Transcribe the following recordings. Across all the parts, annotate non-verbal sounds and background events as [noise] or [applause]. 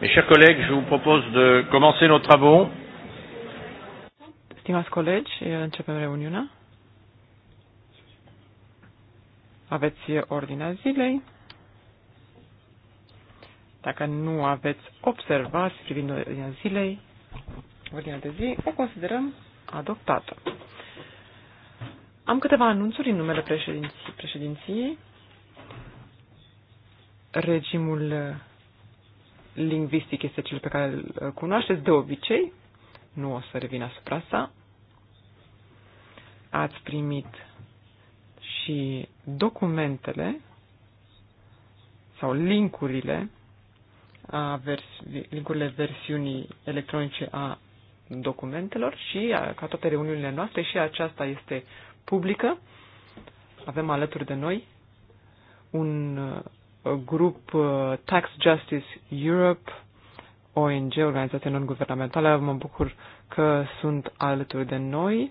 Mes chers collègues, je vous propose de commencer nos travaux. Stimați colegi, începem reuniunea. Aveți ordinea zilei. Dacă nu aveți observați privind ordinea zilei, ordinea de zi, o considerăm adoptată. Am câteva anunțuri în numele președinții. președinții. Regimul lingvistic este cel pe care îl cunoașteți de obicei. Nu o să revin asupra sa. Ați primit și documentele sau linkurile a vers linkurile versiunii electronice a documentelor și ca toate reuniunile noastre și aceasta este publică. Avem alături de noi un Uh, grup uh, Tax Justice Europe, ONG, organizație non-guvernamentală. Mă bucur că sunt alături de noi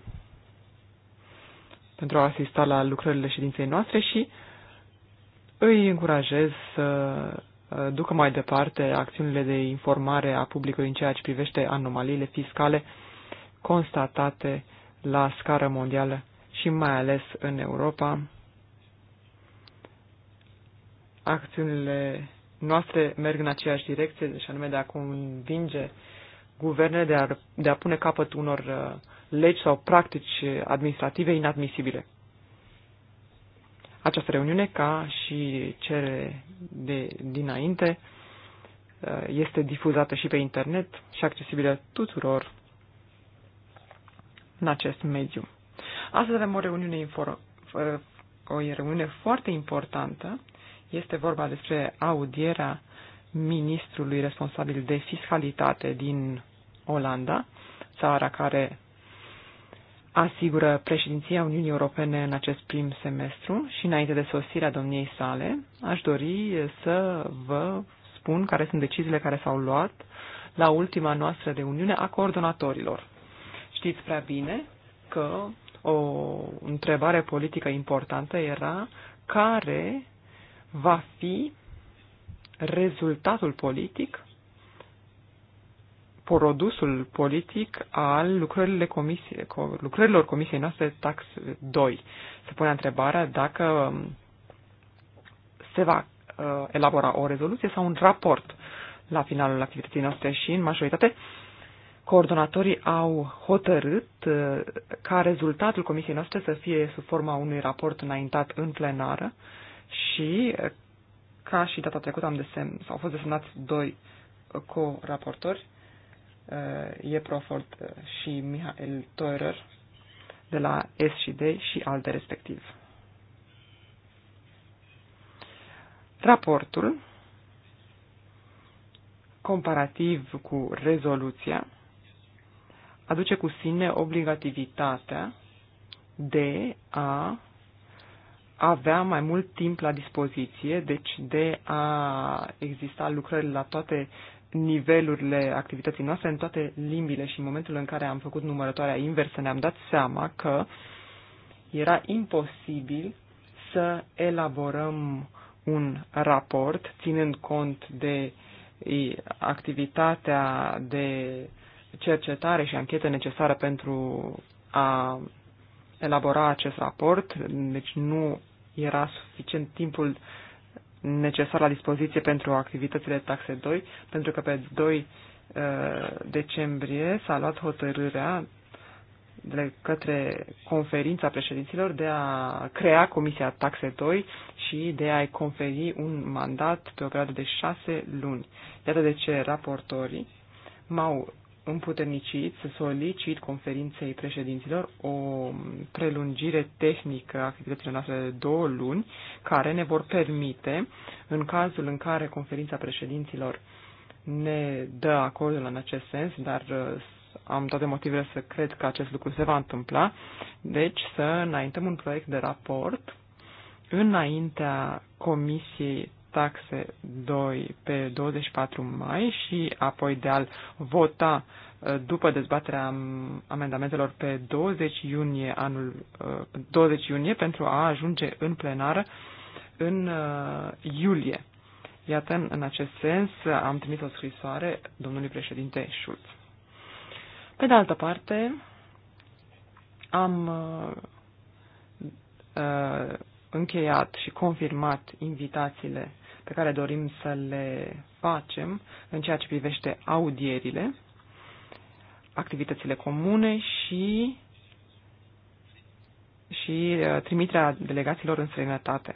pentru a asista la lucrările ședinței noastre și îi încurajez să uh, ducă mai departe acțiunile de informare a publicului în ceea ce privește anomaliile fiscale constatate la scară mondială și mai ales în Europa acțiunile noastre merg în aceeași direcție, deci anume de a convinge guvernele de a, de a pune capăt unor uh, legi sau practici administrative inadmisibile. Această reuniune, ca și cele de dinainte, uh, este difuzată și pe internet și accesibilă tuturor în acest mediu. Astăzi avem o reuniune, o reuniune foarte importantă este vorba despre audierea ministrului responsabil de fiscalitate din Olanda, țara care asigură președinția Uniunii Europene în acest prim semestru și înainte de sosirea domniei sale, aș dori să vă spun care sunt deciziile care s-au luat la ultima noastră reuniune a coordonatorilor. Știți prea bine că o întrebare politică importantă era care va fi rezultatul politic, produsul politic al lucrările comisie, lucrărilor comisiei noastre tax 2. Se pune întrebarea dacă um, se va uh, elabora o rezoluție sau un raport la finalul activității noastre și în majoritate coordonatorii au hotărât uh, ca rezultatul comisiei noastre să fie sub forma unui raport înaintat în plenară și, ca și data trecută, am desem, au fost desemnați doi co-raportori, eh, E. Eh, și Mihail Teurer, de la S și D și alte respectiv. Raportul, comparativ cu rezoluția, aduce cu sine obligativitatea de a avea mai mult timp la dispoziție, deci de a exista lucrări la toate nivelurile activității noastre, în toate limbile și în momentul în care am făcut numărătoarea inversă ne-am dat seama că era imposibil să elaborăm un raport ținând cont de activitatea de cercetare și anchetă necesară pentru a elabora acest raport, deci nu era suficient timpul necesar la dispoziție pentru activitățile taxe 2, pentru că pe 2 uh, decembrie s-a luat hotărârea de către conferința președinților de a crea Comisia Taxe 2 și de a-i conferi un mandat pe o perioadă de șase luni. Iată de ce raportorii m-au împuternicit să solicit conferinței președinților o prelungire tehnică a activităților noastre de două luni, care ne vor permite, în cazul în care conferința președinților ne dă acordul în acest sens, dar uh, am toate motivele să cred că acest lucru se va întâmpla, deci să înaintăm un proiect de raport înaintea Comisiei taxe 2 pe 24 mai și apoi de a-l vota uh, după dezbaterea amendamentelor pe 20 iunie, anul, 20 uh, iunie pentru a ajunge în plenară în uh, iulie. Iată, în acest sens, am trimis o scrisoare domnului președinte Schulz. Pe de altă parte, am uh, încheiat și confirmat invitațiile pe care dorim să le facem în ceea ce privește audierile, activitățile comune și, și uh, trimiterea delegațiilor în străinătate.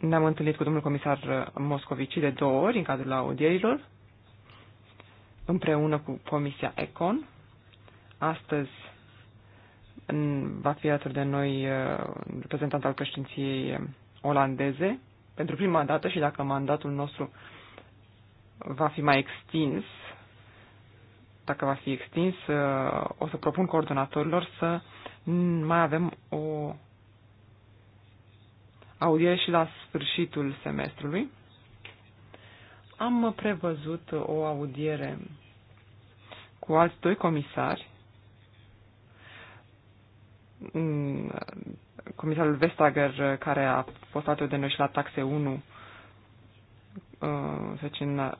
Ne-am întâlnit cu domnul comisar Moscovici de două ori în cadrul audierilor, împreună cu Comisia ECON. Astăzi va fi alături de noi uh, reprezentant al președinției olandeze pentru prima dată și dacă mandatul nostru va fi mai extins, dacă va fi extins, uh, o să propun coordonatorilor să mai avem o audiere și la sfârșitul semestrului. Am prevăzut o audiere cu alți doi comisari comisarul Vestager, uh, care a fost atât de noi și la taxe 1, uh, să zicem, uh,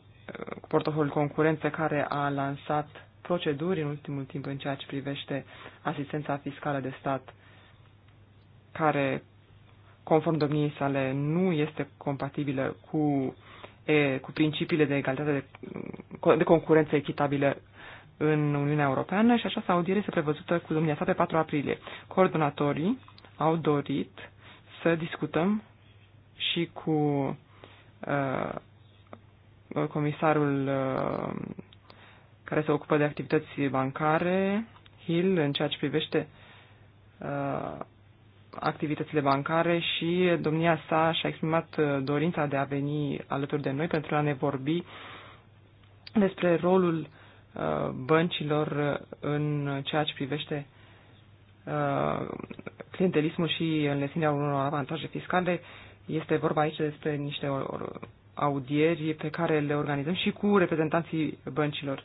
cu portofoliul concurență, care a lansat proceduri în ultimul timp în ceea ce privește asistența fiscală de stat, care, conform domniei sale, nu este compatibilă cu, e, cu principiile de egalitate de, de concurență echitabilă în Uniunea Europeană și această audiere este prevăzută cu domnia sa pe 4 aprilie. Coordonatorii au dorit să discutăm și cu uh, comisarul uh, care se ocupă de activități bancare, Hill, în ceea ce privește uh, activitățile bancare și domnia sa și-a exprimat uh, dorința de a veni alături de noi pentru a ne vorbi despre rolul uh, băncilor în ceea ce privește Uh, clientelismul și înlesnirea unor avantaje fiscale. Este vorba aici despre niște audieri pe care le organizăm și cu reprezentanții băncilor.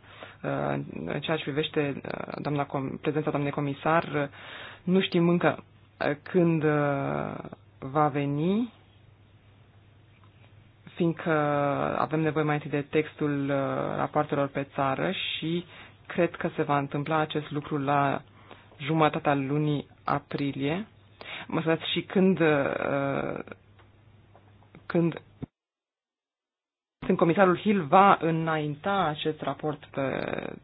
Uh, în ceea ce privește uh, doamna, prezența doamnei comisar, nu știm încă când va veni, fiindcă avem nevoie mai întâi de textul rapoartelor pe țară și cred că se va întâmpla acest lucru la jumătatea lunii aprilie. Mă scuzați, și când, uh, când când comisarul Hill va înainta acest raport pe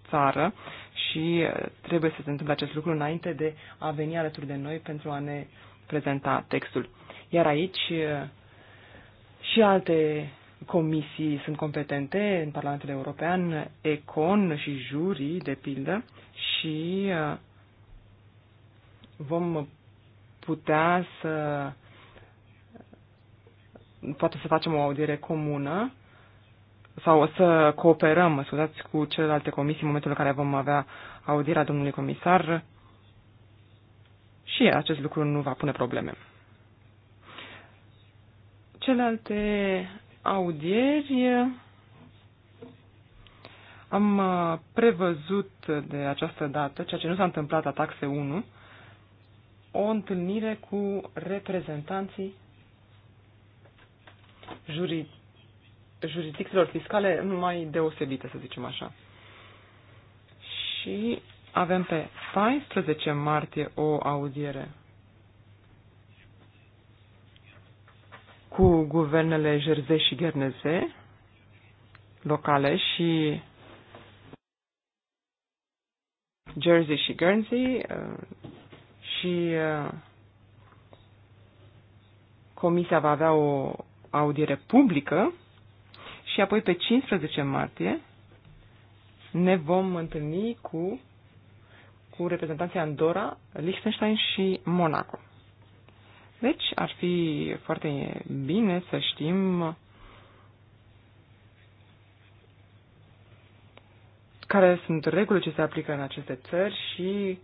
țară și uh, trebuie să se întâmple acest lucru înainte de a veni alături de noi pentru a ne prezenta textul. Iar aici uh, și alte comisii sunt competente în Parlamentul European, ECON și jurii, de pildă, și vom putea să poate să facem o audiere comună sau să cooperăm, mă scuzați, cu celelalte comisii în momentul în care vom avea audierea domnului comisar și acest lucru nu va pune probleme. Celelalte audieri am uh, prevăzut de această dată, ceea ce nu s-a întâmplat la taxe 1, o întâlnire cu reprezentanții juri, jurisdicțiilor fiscale mai deosebite, să zicem așa. Și avem pe 14 martie o audiere cu guvernele Jerze și Gherneze locale și Jersey și Guernsey, și uh, comisia va avea o audiere publică și apoi pe 15 martie ne vom întâlni cu, cu reprezentanții Andorra, Liechtenstein și Monaco. Deci ar fi foarte bine să știm care sunt regulile ce se aplică în aceste țări și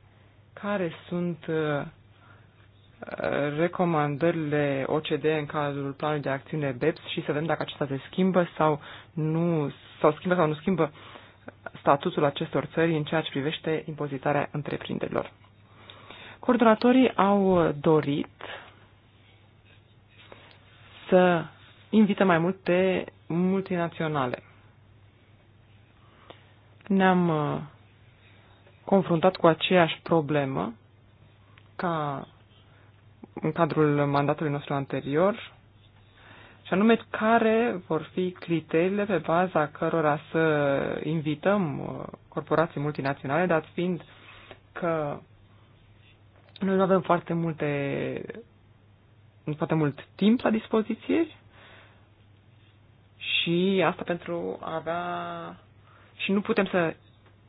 care sunt uh, recomandările OCD în cadrul planului de acțiune BEPS și să vedem dacă acesta se schimbă sau nu, sau schimbă sau nu schimbă statutul acestor țări în ceea ce privește impozitarea întreprinderilor. Coordonatorii au dorit să invită mai multe multinaționale. Ne-am uh, confruntat cu aceeași problemă ca în cadrul mandatului nostru anterior, și anume care vor fi criteriile pe baza cărora să invităm uh, corporații multinaționale, dat fiind că noi nu avem foarte multe foarte mult timp la dispoziție și asta pentru a avea și nu putem să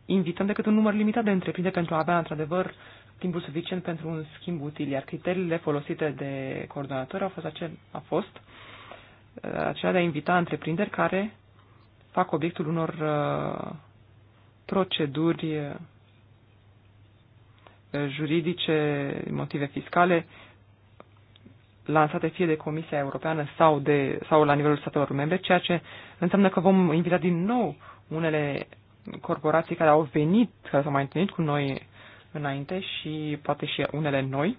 invităm decât un număr limitat de întreprinderi pentru a avea, într-adevăr, timpul suficient pentru un schimb util, iar criteriile folosite de coordonator au fost, acel, a fost uh, acela de a invita întreprinderi care fac obiectul unor uh, proceduri uh, juridice, motive fiscale, lansate fie de Comisia Europeană sau, de, sau la nivelul statelor membre, ceea ce înseamnă că vom invita din nou unele corporații care au venit, care s-au mai întâlnit cu noi înainte și poate și unele noi.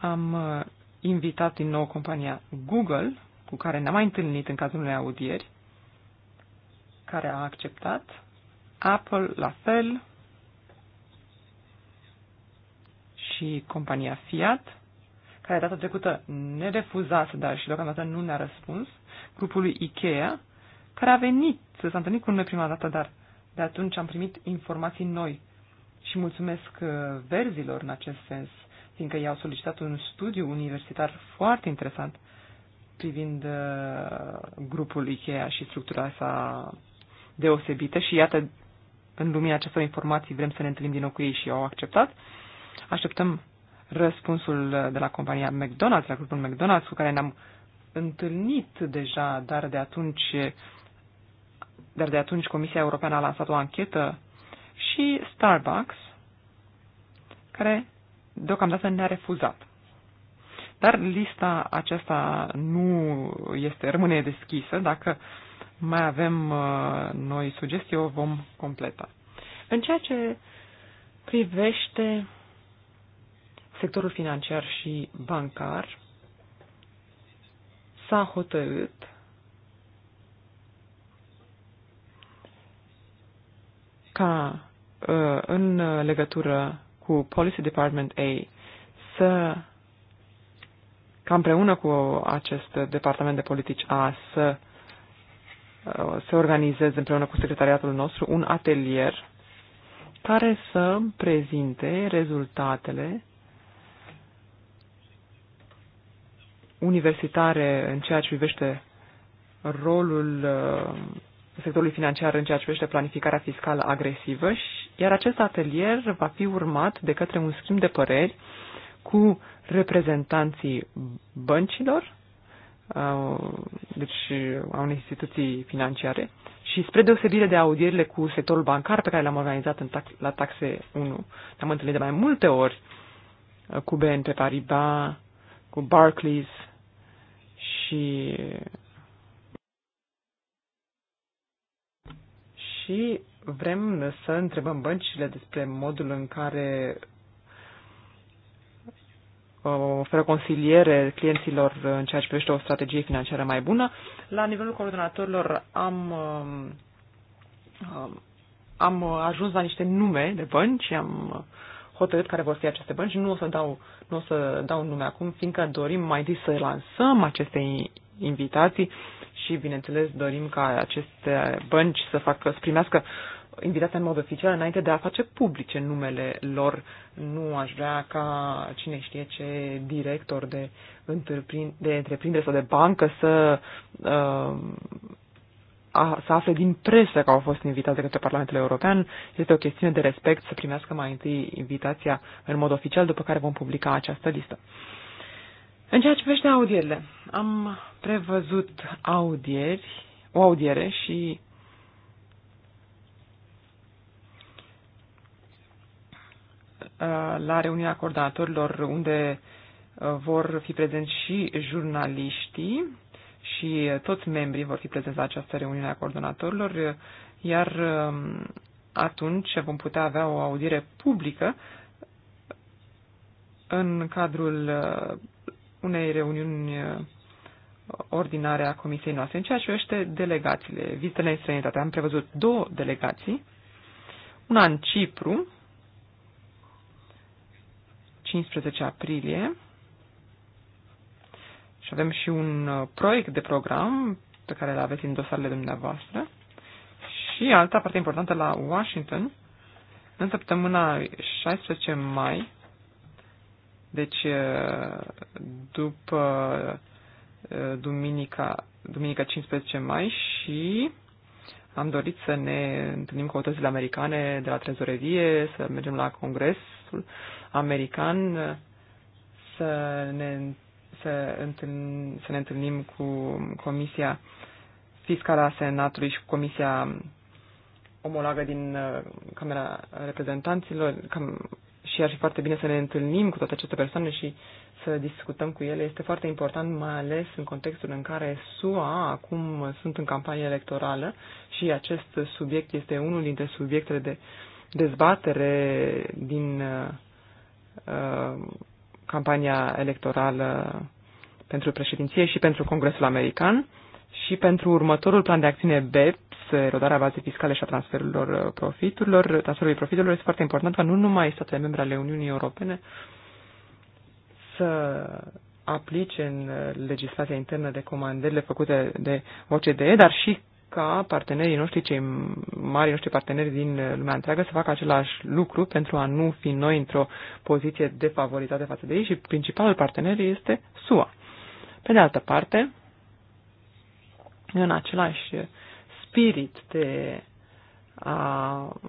Am uh, invitat din nou compania Google, cu care ne-am mai întâlnit în cazul unei audieri, care a acceptat, Apple la fel și compania Fiat, care data trecută ne refuzase, dar și deocamdată nu ne-a răspuns, grupului IKEA, care a venit, s-a întâlnit cu noi prima dată, dar de atunci am primit informații noi și mulțumesc uh, verzilor în acest sens, fiindcă i-au solicitat un studiu universitar foarte interesant privind uh, grupul IKEA și structura sa deosebită și iată, în lumina acestor informații vrem să ne întâlnim din nou cu ei și au acceptat. Așteptăm răspunsul de la compania McDonald's, la grupul McDonald's, cu care ne-am întâlnit deja, dar de atunci dar de atunci Comisia Europeană a lansat o anchetă și Starbucks, care deocamdată ne-a refuzat. Dar lista aceasta nu este, rămâne deschisă. Dacă mai avem uh, noi sugestii, o vom completa. În ceea ce privește sectorul financiar și bancar s-a hotărât ca uh, în legătură cu Policy Department A să ca împreună cu acest departament de politici A să uh, se organizeze împreună cu secretariatul nostru un atelier care să prezinte rezultatele universitare în ceea ce privește rolul uh, sectorului financiar în ceea ce privește planificarea fiscală agresivă, iar acest atelier va fi urmat de către un schimb de păreri cu reprezentanții băncilor, uh, deci a unei instituții financiare, și spre deosebire de audierile cu sectorul bancar pe care le-am organizat în tax, la taxe 1, ne-am întâlnit de mai multe ori uh, cu BNP Paribas, cu Barclays, și și vrem să întrebăm băncile despre modul în care uh, oferă consiliere clienților în ceea ce privește o strategie financiară mai bună. La nivelul coordonatorilor am, um, um, am ajuns la niște nume de bănci, am hotărât care vor fi aceste bănci. Nu o să dau, nu o să dau nume acum, fiindcă dorim mai des să lansăm aceste invitații și, bineînțeles, dorim ca aceste bănci să, facă, să primească invitația în mod oficial înainte de a face publice numele lor. Nu aș vrea ca cine știe ce director de, de întreprindere sau de bancă să uh, a, să afle din presă că au fost invitați de către Parlamentul European. Este o chestiune de respect să primească mai întâi invitația în mod oficial, după care vom publica această listă. În ceea ce privește audierile, am prevăzut audieri, o audiere și la reuniunea coordonatorilor unde uh, vor fi prezenți și jurnaliștii și toți membrii vor fi prezenți la această reuniune a coordonatorilor, iar um, atunci vom putea avea o audiere publică în cadrul uh, unei reuniuni uh, ordinare a comisiei noastre. În ceea ce este delegațiile, vizitele în străinătate, am prevăzut două delegații, una în Cipru, 15 aprilie, și avem și un uh, proiect de program pe care îl aveți în dosarele dumneavoastră. Și alta parte importantă la Washington, în săptămâna 16 mai, deci uh, după uh, duminica, duminica 15 mai și am dorit să ne întâlnim cu autoritățile americane de la trezorerie, să mergem la congresul american, să ne să, întâln, să ne întâlnim cu Comisia Fiscală a Senatului și cu Comisia omologă din uh, Camera Reprezentanților cam, și ar fi foarte bine să ne întâlnim cu toate aceste persoane și să discutăm cu ele. Este foarte important, mai ales în contextul în care SUA acum sunt în campanie electorală și acest subiect este unul dintre subiectele de dezbatere din uh, uh campania electorală pentru președinție și pentru Congresul American și pentru următorul plan de acțiune BEPS, erodarea bazei fiscale și a transferurilor uh, profiturilor, transferului profiturilor, este foarte important ca nu numai statele membre ale Uniunii Europene să aplice în uh, legislația internă de comandările făcute de OCDE, dar și ca partenerii noștri, cei mari noștri parteneri din lumea întreagă să facă același lucru pentru a nu fi noi într-o poziție defavorizată față de ei și principalul partener este SUA. Pe de altă parte, în același spirit de a,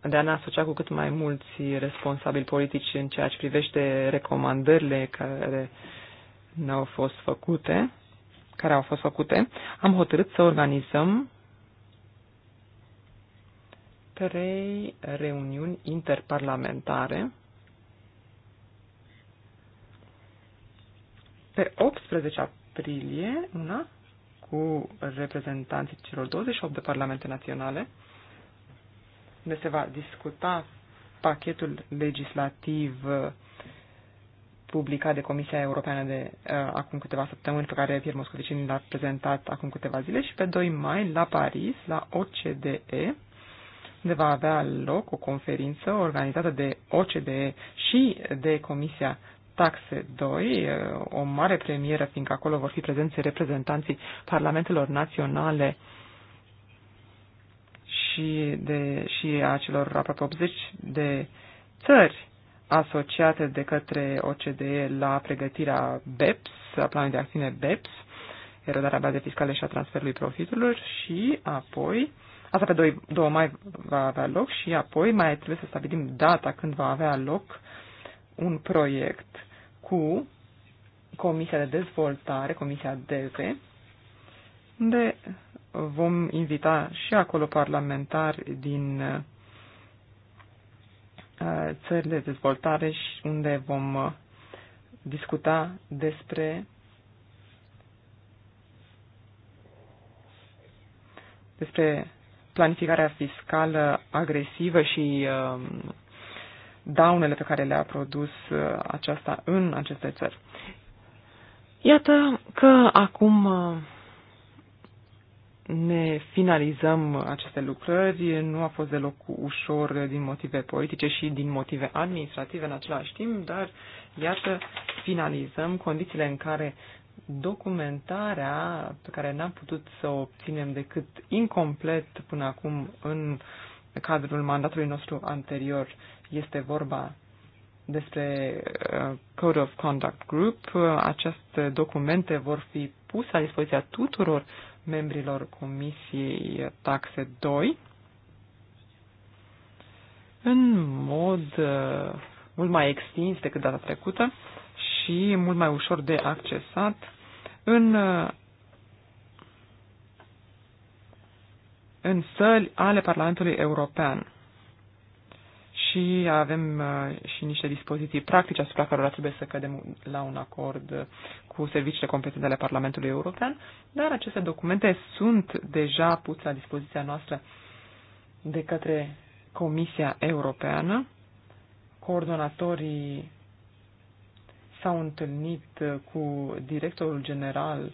de a ne asocia cu cât mai mulți responsabili politici în ceea ce privește recomandările care ne-au fost făcute, care au fost făcute, am hotărât să organizăm trei reuniuni interparlamentare pe 18 aprilie, una cu reprezentanții celor 28 de parlamente naționale, unde se va discuta pachetul legislativ publicat de Comisia Europeană de uh, acum câteva săptămâni, pe care Pierre Moscovici l-a prezentat acum câteva zile și pe 2 mai la Paris, la OCDE, unde va avea loc o conferință organizată de OCDE și de Comisia Taxe 2, uh, o mare premieră, fiindcă acolo vor fi prezenți reprezentanții parlamentelor naționale și, de, și a celor aproape 80 de țări asociate de către OCDE la pregătirea BEPS, a planului de acțiune BEPS, erodarea bazei fiscale și a transferului profiturilor și apoi, asta pe 2, 2 mai va avea loc și apoi mai trebuie să stabilim data când va avea loc un proiect cu Comisia de Dezvoltare, Comisia DV, unde vom invita și acolo parlamentari din Uh, țări de dezvoltare și unde vom uh, discuta despre despre planificarea fiscală agresivă și um, daunele pe care le-a produs uh, aceasta în aceste țări. Iată că acum ne finalizăm aceste lucrări. Nu a fost deloc ușor din motive politice și din motive administrative în același timp, dar iată, finalizăm condițiile în care documentarea pe care n-am putut să o obținem decât incomplet până acum în cadrul mandatului nostru anterior este vorba despre uh, Code of Conduct Group. Aceste documente vor fi puse la dispoziția tuturor membrilor Comisiei Taxe 2 în mod uh, mult mai extins decât data trecută și mult mai ușor de accesat în, uh, în săli ale Parlamentului European și avem uh, și niște dispoziții practice asupra cărora trebuie să cădem la un acord uh, cu serviciile competente ale Parlamentului European, dar aceste documente sunt deja puse la dispoziția noastră de către Comisia Europeană. Coordonatorii s-au întâlnit uh, cu directorul general,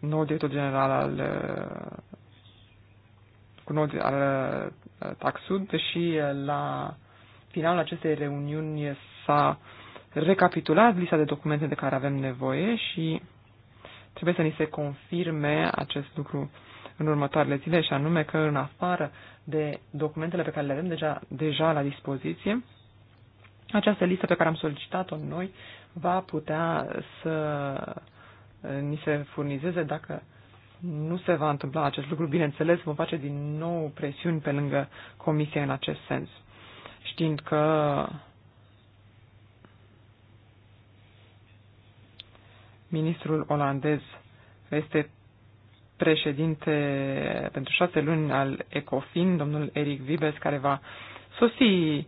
noul director general al cu nod al Uh, Taxud și uh, la finalul acestei reuniuni s-a recapitulat lista de documente de care avem nevoie și trebuie să ni se confirme acest lucru în următoarele zile și anume că în afară de documentele pe care le avem deja, deja la dispoziție, această listă pe care am solicitat-o noi va putea să ni se furnizeze dacă nu se va întâmpla acest lucru, bineînțeles, vom face din nou presiuni pe lângă Comisie în acest sens, știind că ministrul olandez este președinte pentru șase luni al ECOFIN, domnul Eric Vibes, care va sosi uh,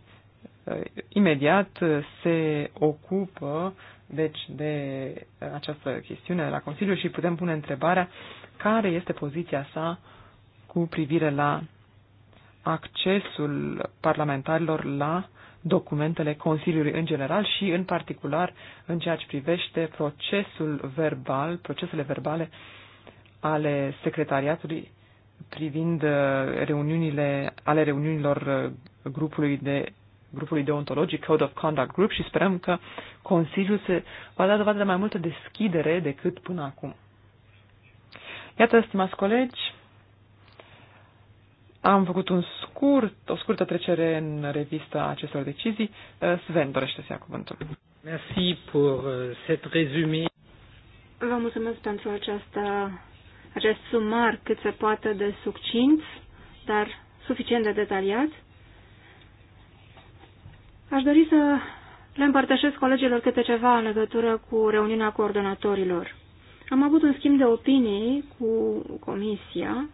imediat, se ocupă deci de această chestiune de la Consiliu și putem pune întrebarea uh, care este poziția sa cu privire la accesul parlamentarilor la documentele Consiliului în general și în particular în ceea ce privește procesul verbal, procesele verbale ale secretariatului privind uh, reuniunile, ale reuniunilor uh, grupului de grupului deontologic Code of Conduct Group și sperăm că Consiliul se va da dovadă de mai multă deschidere decât până acum. Iată, stimați colegi, am făcut un scurt, o scurtă trecere în revista acestor decizii. Uh, Sven dorește să ia cuvântul. Merci pour uh, cet résumé. Vă mulțumesc pentru această, acest sumar cât se poate de succint, dar suficient de detaliat. Aș dori să le împărtășesc colegilor câte ceva în legătură cu reuniunea coordonatorilor. Am avut un schimb de opinii cu Comisia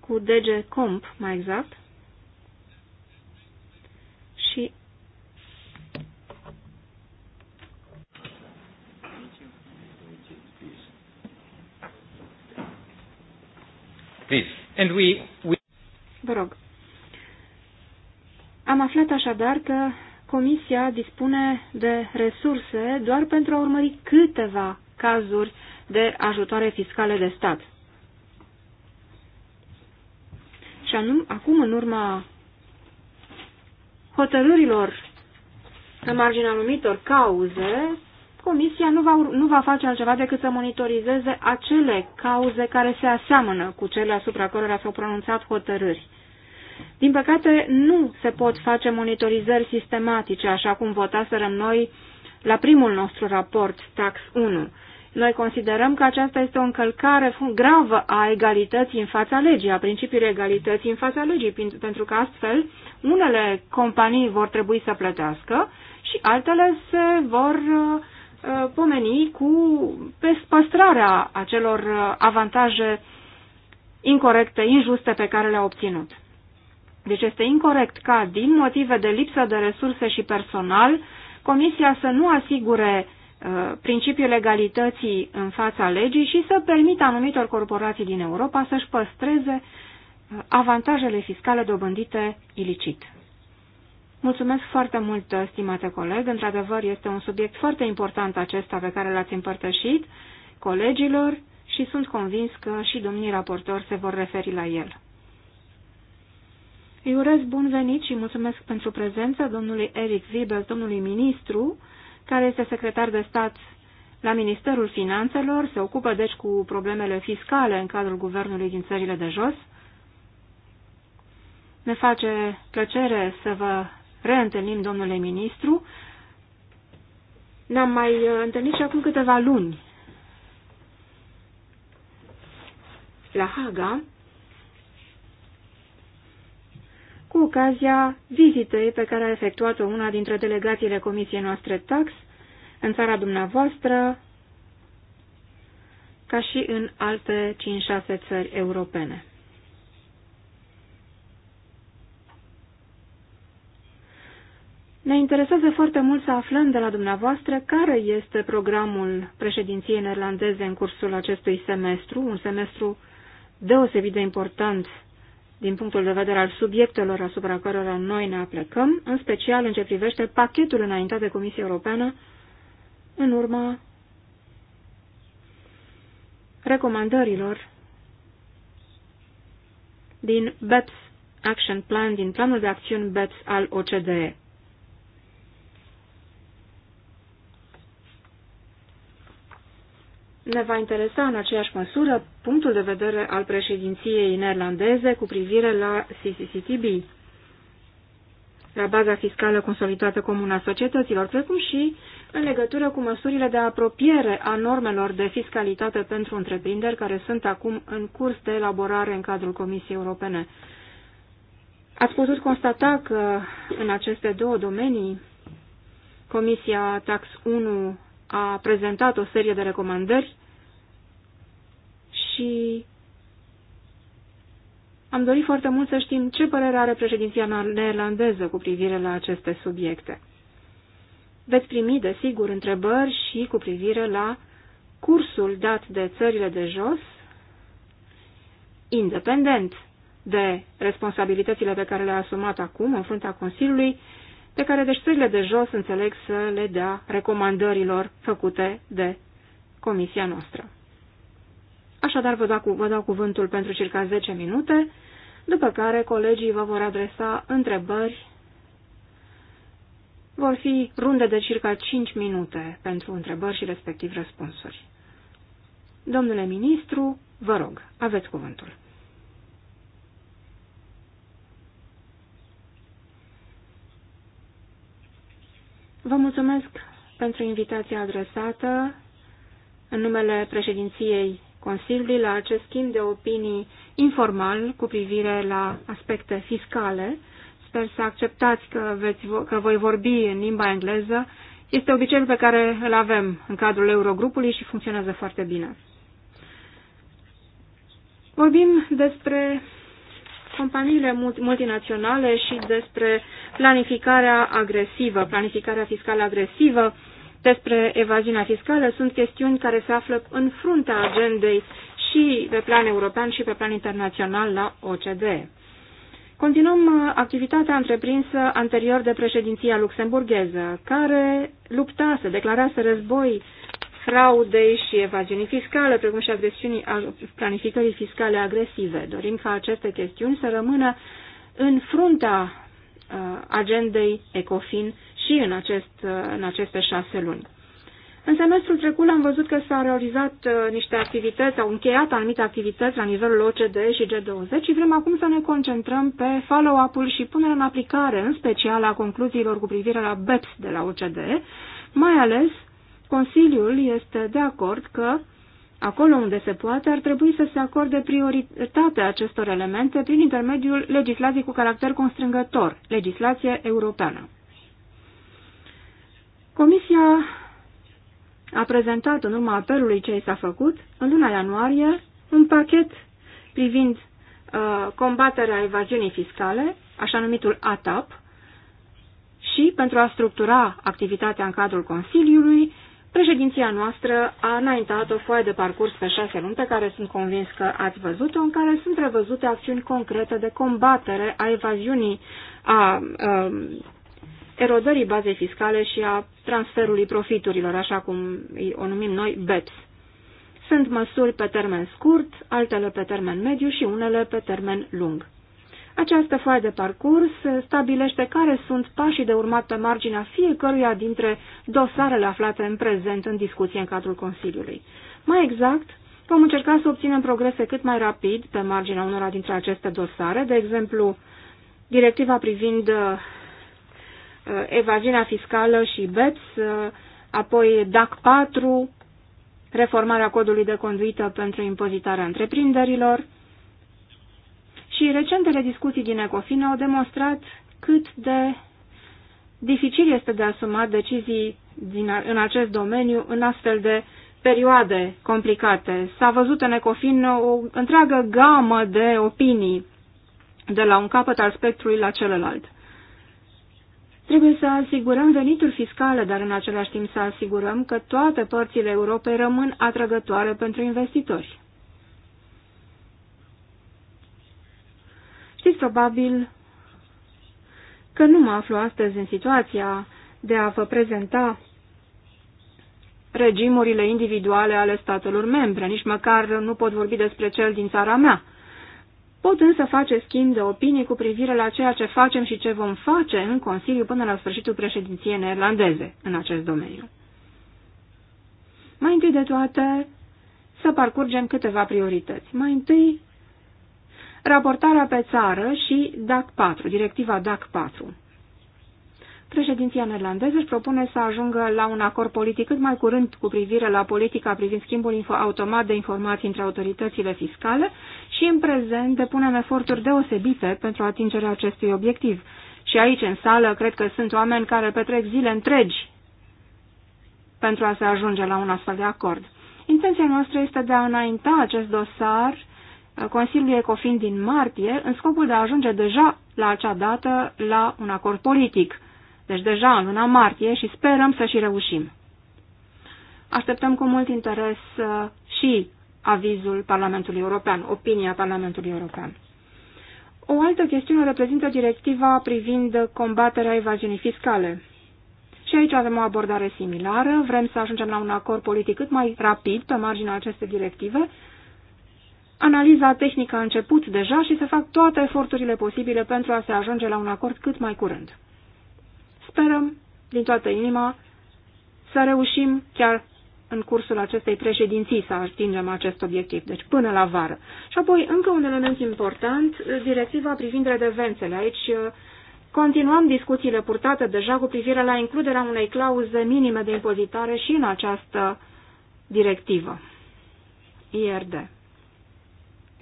cu DG Comp, mai exact, și Please. And we, we... Vă rog. Am aflat așadar că Comisia dispune de resurse doar pentru a urmări câteva cazuri de ajutoare fiscale de stat. Și anum, acum, în urma hotărârilor pe marginea anumitor cauze, Comisia nu va, nu va face altceva decât să monitorizeze acele cauze care se aseamănă cu cele asupra cărora s-au pronunțat hotărâri. Din păcate, nu se pot face monitorizări sistematice, așa cum votaserăm noi la primul nostru raport, Tax 1. Noi considerăm că aceasta este o încălcare gravă a egalității în fața legii, a principiului egalității în fața legii, pentru că astfel unele companii vor trebui să plătească și altele se vor uh, uh, pomeni cu păstrarea acelor uh, avantaje incorrecte, injuste pe care le au obținut. Deci este incorrect ca, din motive de lipsă de resurse și personal, Comisia să nu asigure uh, principiul legalității în fața legii și să permită anumitor corporații din Europa să-și păstreze uh, avantajele fiscale dobândite ilicit. Mulțumesc foarte mult, uh, stimate coleg. Într-adevăr, este un subiect foarte important acesta pe care l-ați împărtășit colegilor și sunt convins că și domnii raportori se vor referi la el. Îi urez bun venit și mulțumesc pentru prezența domnului Eric Zibel, domnului ministru, care este secretar de stat la Ministerul Finanțelor, se ocupă deci cu problemele fiscale în cadrul guvernului din țările de jos. Ne face plăcere să vă reîntâlnim, domnule ministru. Ne-am mai uh, întâlnit și acum câteva luni la Haga cu ocazia vizitei pe care a efectuat-o una dintre delegațiile comisiei noastre tax în țara dumneavoastră, ca și în alte 5-6 țări europene. Ne interesează foarte mult să aflăm de la dumneavoastră care este programul președinției neerlandeze în cursul acestui semestru, un semestru deosebit de important din punctul de vedere al subiectelor asupra cărora noi ne aplecăm, în special în ce privește pachetul înaintat de Comisia Europeană în urma recomandărilor din BEPS Action Plan, din planul de acțiuni BEPS al OCDE. ne va interesa în aceeași măsură punctul de vedere al președinției neerlandeze cu privire la CCCTB, la baza fiscală consolidată comună a societăților, precum și în legătură cu măsurile de apropiere a normelor de fiscalitate pentru întreprinderi care sunt acum în curs de elaborare în cadrul Comisiei Europene. Ați putut constata că în aceste două domenii Comisia Tax 1 a prezentat o serie de recomandări și am dorit foarte mult să știm ce părere are președinția neerlandeză cu privire la aceste subiecte. Veți primi, desigur, întrebări și cu privire la cursul dat de țările de jos, independent de responsabilitățile pe care le-a asumat acum în fruntea Consiliului, pe care deci de jos înțeleg să le dea recomandărilor făcute de comisia noastră. Așadar, vă dau, cu, vă dau cuvântul pentru circa 10 minute, după care colegii vă vor adresa întrebări. Vor fi runde de circa 5 minute pentru întrebări și respectiv răspunsuri. Domnule ministru, vă rog, aveți cuvântul. Vă mulțumesc pentru invitația adresată în numele președinției Consiliului la acest schimb de opinii informal cu privire la aspecte fiscale. Sper să acceptați că, veți, că voi vorbi în limba engleză. Este obiceiul pe care îl avem în cadrul Eurogrupului și funcționează foarte bine. Vorbim despre companiile multinaționale și despre planificarea agresivă, planificarea fiscală agresivă, despre evaziunea fiscală. Sunt chestiuni care se află în fruntea agendei și pe plan european și pe plan internațional la OCDE. Continuăm uh, activitatea întreprinsă anterior de președinția luxemburgheză, care luptase, declarase război fraudei și evaziunii fiscale, precum și agresiunii, planificării fiscale agresive. Dorim ca aceste chestiuni să rămână în frunta uh, agendei ECOFIN și în, acest, uh, în aceste șase luni. În semestrul trecut am văzut că s-au realizat uh, niște activități, au încheiat anumite activități la nivelul OCDE și G20 și vrem acum să ne concentrăm pe follow-up-ul și punerea în aplicare, în special a concluziilor cu privire la BEPS de la OCDE, mai ales Consiliul este de acord că, acolo unde se poate, ar trebui să se acorde prioritate acestor elemente prin intermediul legislației cu caracter constrângător, legislație europeană. Comisia a prezentat, în urma apelului ce i s-a făcut, în luna ianuarie, un pachet privind uh, combaterea evaziunii fiscale, așa numitul ATAP, și pentru a structura activitatea în cadrul Consiliului, Președinția noastră a înaintat o foaie de parcurs pe șase luni, pe care sunt convins că ați văzut-o, în care sunt revăzute acțiuni concrete de combatere a evaziunii, a, a um, erodării bazei fiscale și a transferului profiturilor, așa cum o numim noi BEPS. Sunt măsuri pe termen scurt, altele pe termen mediu și unele pe termen lung. Această foaie de parcurs stabilește care sunt pașii de urmat pe marginea fiecăruia dintre dosarele aflate în prezent în discuție în cadrul Consiliului. Mai exact, vom încerca să obținem progrese cât mai rapid pe marginea unora dintre aceste dosare, de exemplu, directiva privind uh, uh, evaziunea fiscală și BEPS, uh, apoi DAC 4, reformarea codului de conduită pentru impozitarea întreprinderilor, și recentele discuții din Ecofin au demonstrat cât de dificil este de asumat decizii din, în acest domeniu în astfel de perioade complicate. S-a văzut în Ecofin o întreagă gamă de opinii de la un capăt al spectrului la celălalt. Trebuie să asigurăm venituri fiscale, dar în același timp să asigurăm că toate părțile Europei rămân atrăgătoare pentru investitori. Știți probabil că nu mă aflu astăzi în situația de a vă prezenta regimurile individuale ale statelor membre, nici măcar nu pot vorbi despre cel din țara mea. Pot însă face schimb de opinie cu privire la ceea ce facem și ce vom face în Consiliu până la sfârșitul președinției neerlandeze în acest domeniu. Mai întâi de toate, să parcurgem câteva priorități. Mai întâi, raportarea pe țară și DAC 4, directiva DAC 4. Președinția neerlandeză își propune să ajungă la un acord politic cât mai curând cu privire la politica privind schimbul automat de informații între autoritățile fiscale și în prezent depunem eforturi deosebite pentru atingerea acestui obiectiv. Și aici, în sală, cred că sunt oameni care petrec zile întregi pentru a se ajunge la un astfel de acord. Intenția noastră este de a înainta acest dosar Consiliul Ecofin din martie, în scopul de a ajunge deja la acea dată la un acord politic. Deci deja în luna martie și sperăm să și reușim. Așteptăm cu mult interes uh, și avizul Parlamentului European, opinia Parlamentului European. O altă chestiune reprezintă directiva privind combaterea evaziunii fiscale. Și aici avem o abordare similară, vrem să ajungem la un acord politic cât mai rapid pe marginea acestei directive, Analiza tehnică a început deja și se fac toate eforturile posibile pentru a se ajunge la un acord cât mai curând. Sperăm, din toată inima, să reușim chiar în cursul acestei președinții să atingem acest obiectiv, deci până la vară. Și apoi, încă un element important, directiva privind redevențele. Aici uh, continuăm discuțiile purtate deja cu privire la includerea unei clauze minime de impozitare și în această directivă, IRD.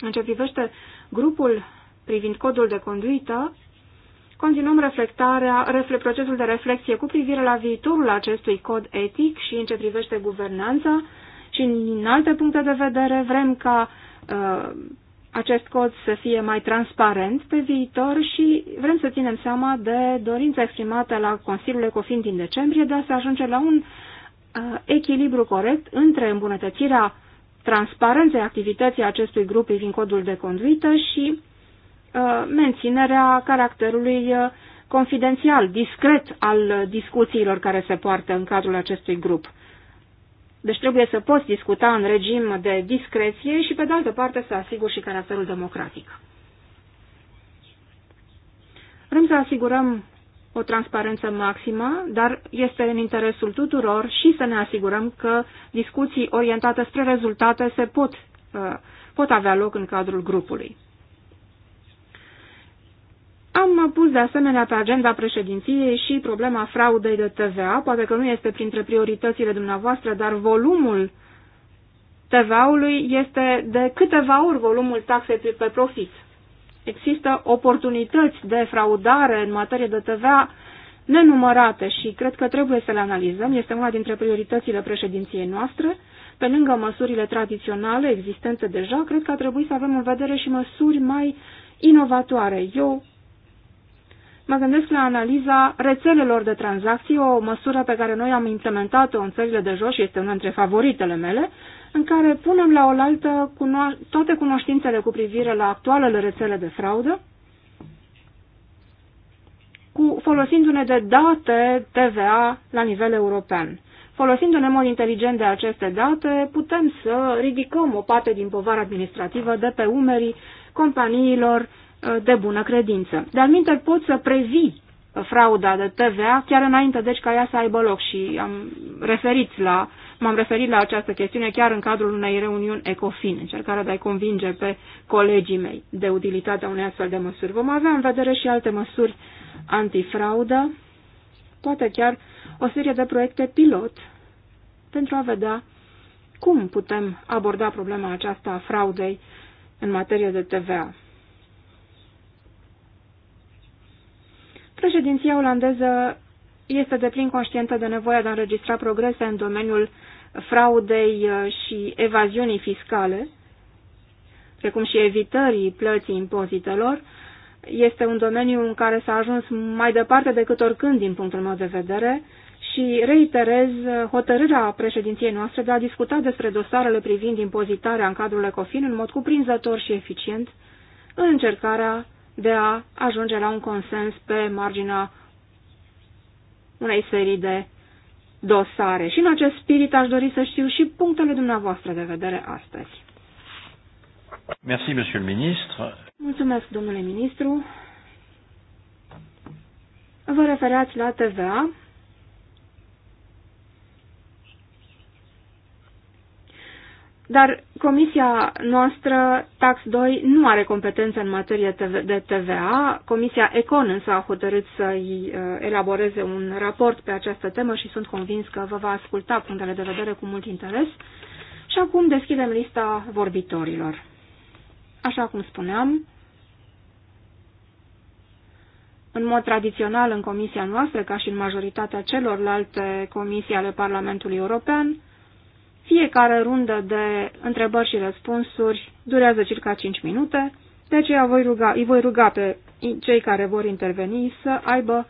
În ce privește grupul privind codul de conduită, continuăm reflectarea, refle, procesul de reflexie cu privire la viitorul acestui cod etic și în ce privește guvernanța și în alte puncte de vedere vrem ca uh, acest cod să fie mai transparent pe viitor și vrem să ținem seama de dorința exprimată la Consiliul Ecofin din decembrie de a se ajunge la un uh, echilibru corect între îmbunătățirea transparenței activității acestui grup privind codul de conduită și uh, menținerea caracterului uh, confidențial, discret al discuțiilor care se poartă în cadrul acestui grup. Deci trebuie să poți discuta în regim de discreție și, pe de altă parte, să asiguri și caracterul democratic. Vrem să asigurăm o transparență maximă, dar este în interesul tuturor și să ne asigurăm că discuții orientate spre rezultate se pot, uh, pot avea loc în cadrul grupului. Am pus de asemenea pe agenda președinției și problema fraudei de TVA. Poate că nu este printre prioritățile dumneavoastră, dar volumul TVA-ului este de câteva ori volumul taxei pe profit există oportunități de fraudare în materie de TVA nenumărate și cred că trebuie să le analizăm. Este una dintre prioritățile președinției noastre. Pe lângă măsurile tradiționale existente deja, cred că ar trebui să avem în vedere și măsuri mai inovatoare. Eu mă gândesc la analiza rețelelor de tranzacții, o măsură pe care noi am implementat-o în țările de jos și este una dintre favoritele mele, în care punem la oaltă cuno- toate cunoștințele cu privire la actualele rețele de fraudă, cu, folosindu-ne de date TVA la nivel european. Folosindu-ne în mod inteligent de aceste date, putem să ridicăm o parte din povara administrativă de pe umerii companiilor uh, de bună credință. De-al minte, să previ frauda de TVA chiar înainte, deci ca ea să aibă loc și am referit la M-am referit la această chestiune chiar în cadrul unei reuniuni ECOFIN, încercarea de a-i convinge pe colegii mei de utilitatea unei astfel de măsuri. Vom avea în vedere și alte măsuri antifraudă, poate chiar o serie de proiecte pilot pentru a vedea cum putem aborda problema aceasta a fraudei în materie de TVA. Președinția olandeză este deplin conștientă de nevoia de a înregistra progrese în domeniul fraudei uh, și evaziunii fiscale, precum și evitării plății impozitelor, este un domeniu în care s-a ajuns mai departe decât oricând din punctul meu de vedere și reiterez uh, hotărârea președinției noastre de a discuta despre dosarele privind impozitarea în cadrul ECOFIN în mod cuprinzător și eficient în încercarea de a ajunge la un consens pe marginea unei serii de dosare. Și în acest spirit aș dori să știu și punctele dumneavoastră de vedere astăzi. Merci, monsieur le ministre. Mulțumesc, domnule ministru. Vă referați la TVA Dar comisia noastră, Tax 2, nu are competență în materie de TVA. Comisia Econ însă a hotărât să-i uh, elaboreze un raport pe această temă și sunt convins că vă va asculta punctele de vedere cu mult interes. Și acum deschidem lista vorbitorilor. Așa cum spuneam, în mod tradițional în comisia noastră, ca și în majoritatea celorlalte comisii ale Parlamentului European, fiecare rundă de întrebări și răspunsuri durează circa 5 minute, de aceea voi ruga, îi voi ruga pe cei care vor interveni să aibă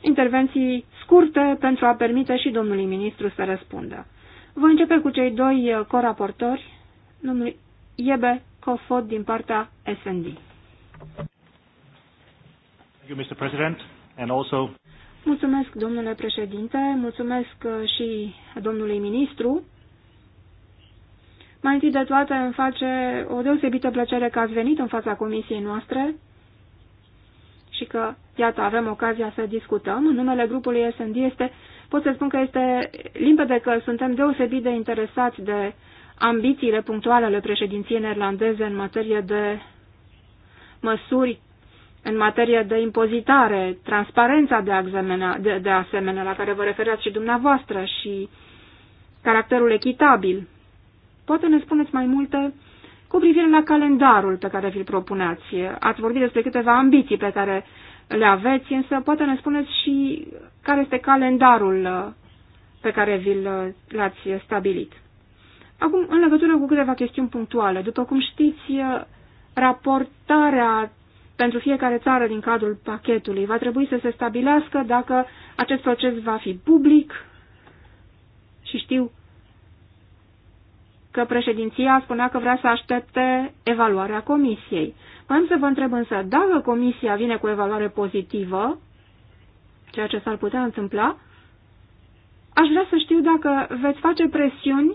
intervenții scurte pentru a permite și domnului ministru să răspundă. Voi începe cu cei doi coraportori, domnul Iebe Cofod din partea SND. Mulțumesc, domnule președinte, mulțumesc și domnului ministru mai întâi de toate îmi face o deosebită plăcere că ați venit în fața comisiei noastre și că, iată, avem ocazia să discutăm. În numele grupului S&D este, pot să spun că este limpede că suntem deosebit de interesați de ambițiile punctuale ale președinției neerlandeze în materie de măsuri în materie de impozitare, transparența de asemenea, de, de asemenea la care vă referați și dumneavoastră și caracterul echitabil Poate ne spuneți mai multe cu privire la calendarul pe care vi-l propuneați. Ați vorbit despre câteva ambiții pe care le aveți, însă poate ne spuneți și care este calendarul uh, pe care vi uh, l-ați stabilit. Acum, în legătură cu câteva chestiuni punctuale, după cum știți, uh, raportarea pentru fiecare țară din cadrul pachetului va trebui să se stabilească dacă acest proces va fi public și știu că președinția spunea că vrea să aștepte evaluarea comisiei. Am să vă întreb însă, dacă comisia vine cu evaluare pozitivă, ceea ce s-ar putea întâmpla, aș vrea să știu dacă veți face presiuni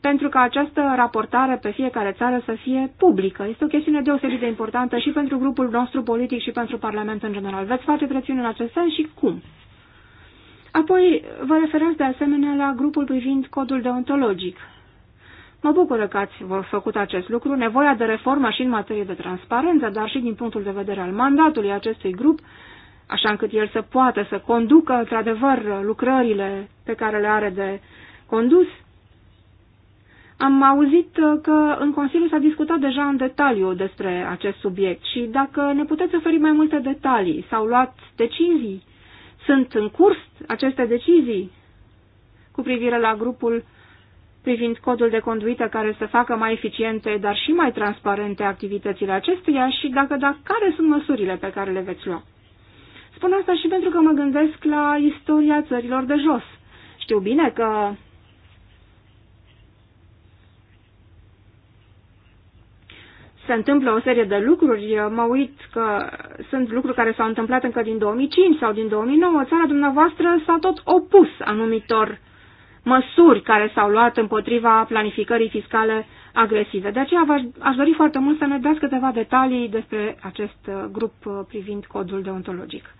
pentru ca această raportare pe fiecare țară să fie publică. Este o chestiune deosebit de importantă și pentru grupul nostru politic și pentru Parlament în general. Veți face presiuni în acest sens și cum? Apoi vă referați de asemenea la grupul privind codul deontologic. Mă bucur că ați făcut acest lucru, nevoia de reformă și în materie de transparență, dar și din punctul de vedere al mandatului acestui grup, așa încât el să poată să conducă, într-adevăr, lucrările pe care le are de condus. Am auzit că în Consiliu s-a discutat deja în detaliu despre acest subiect și dacă ne puteți oferi mai multe detalii, s-au luat decizii sunt în curs aceste decizii cu privire la grupul privind codul de conduită care să facă mai eficiente, dar și mai transparente activitățile acestuia și dacă da, care sunt măsurile pe care le veți lua. Spun asta și pentru că mă gândesc la istoria țărilor de jos. Știu bine că se întâmplă o serie de lucruri. mă uit că sunt lucruri care s-au întâmplat încă din 2005 sau din 2009. Țara dumneavoastră s-a tot opus anumitor măsuri care s-au luat împotriva planificării fiscale agresive. De aceea aș dori foarte mult să ne dați câteva detalii despre acest uh, grup uh, privind codul deontologic.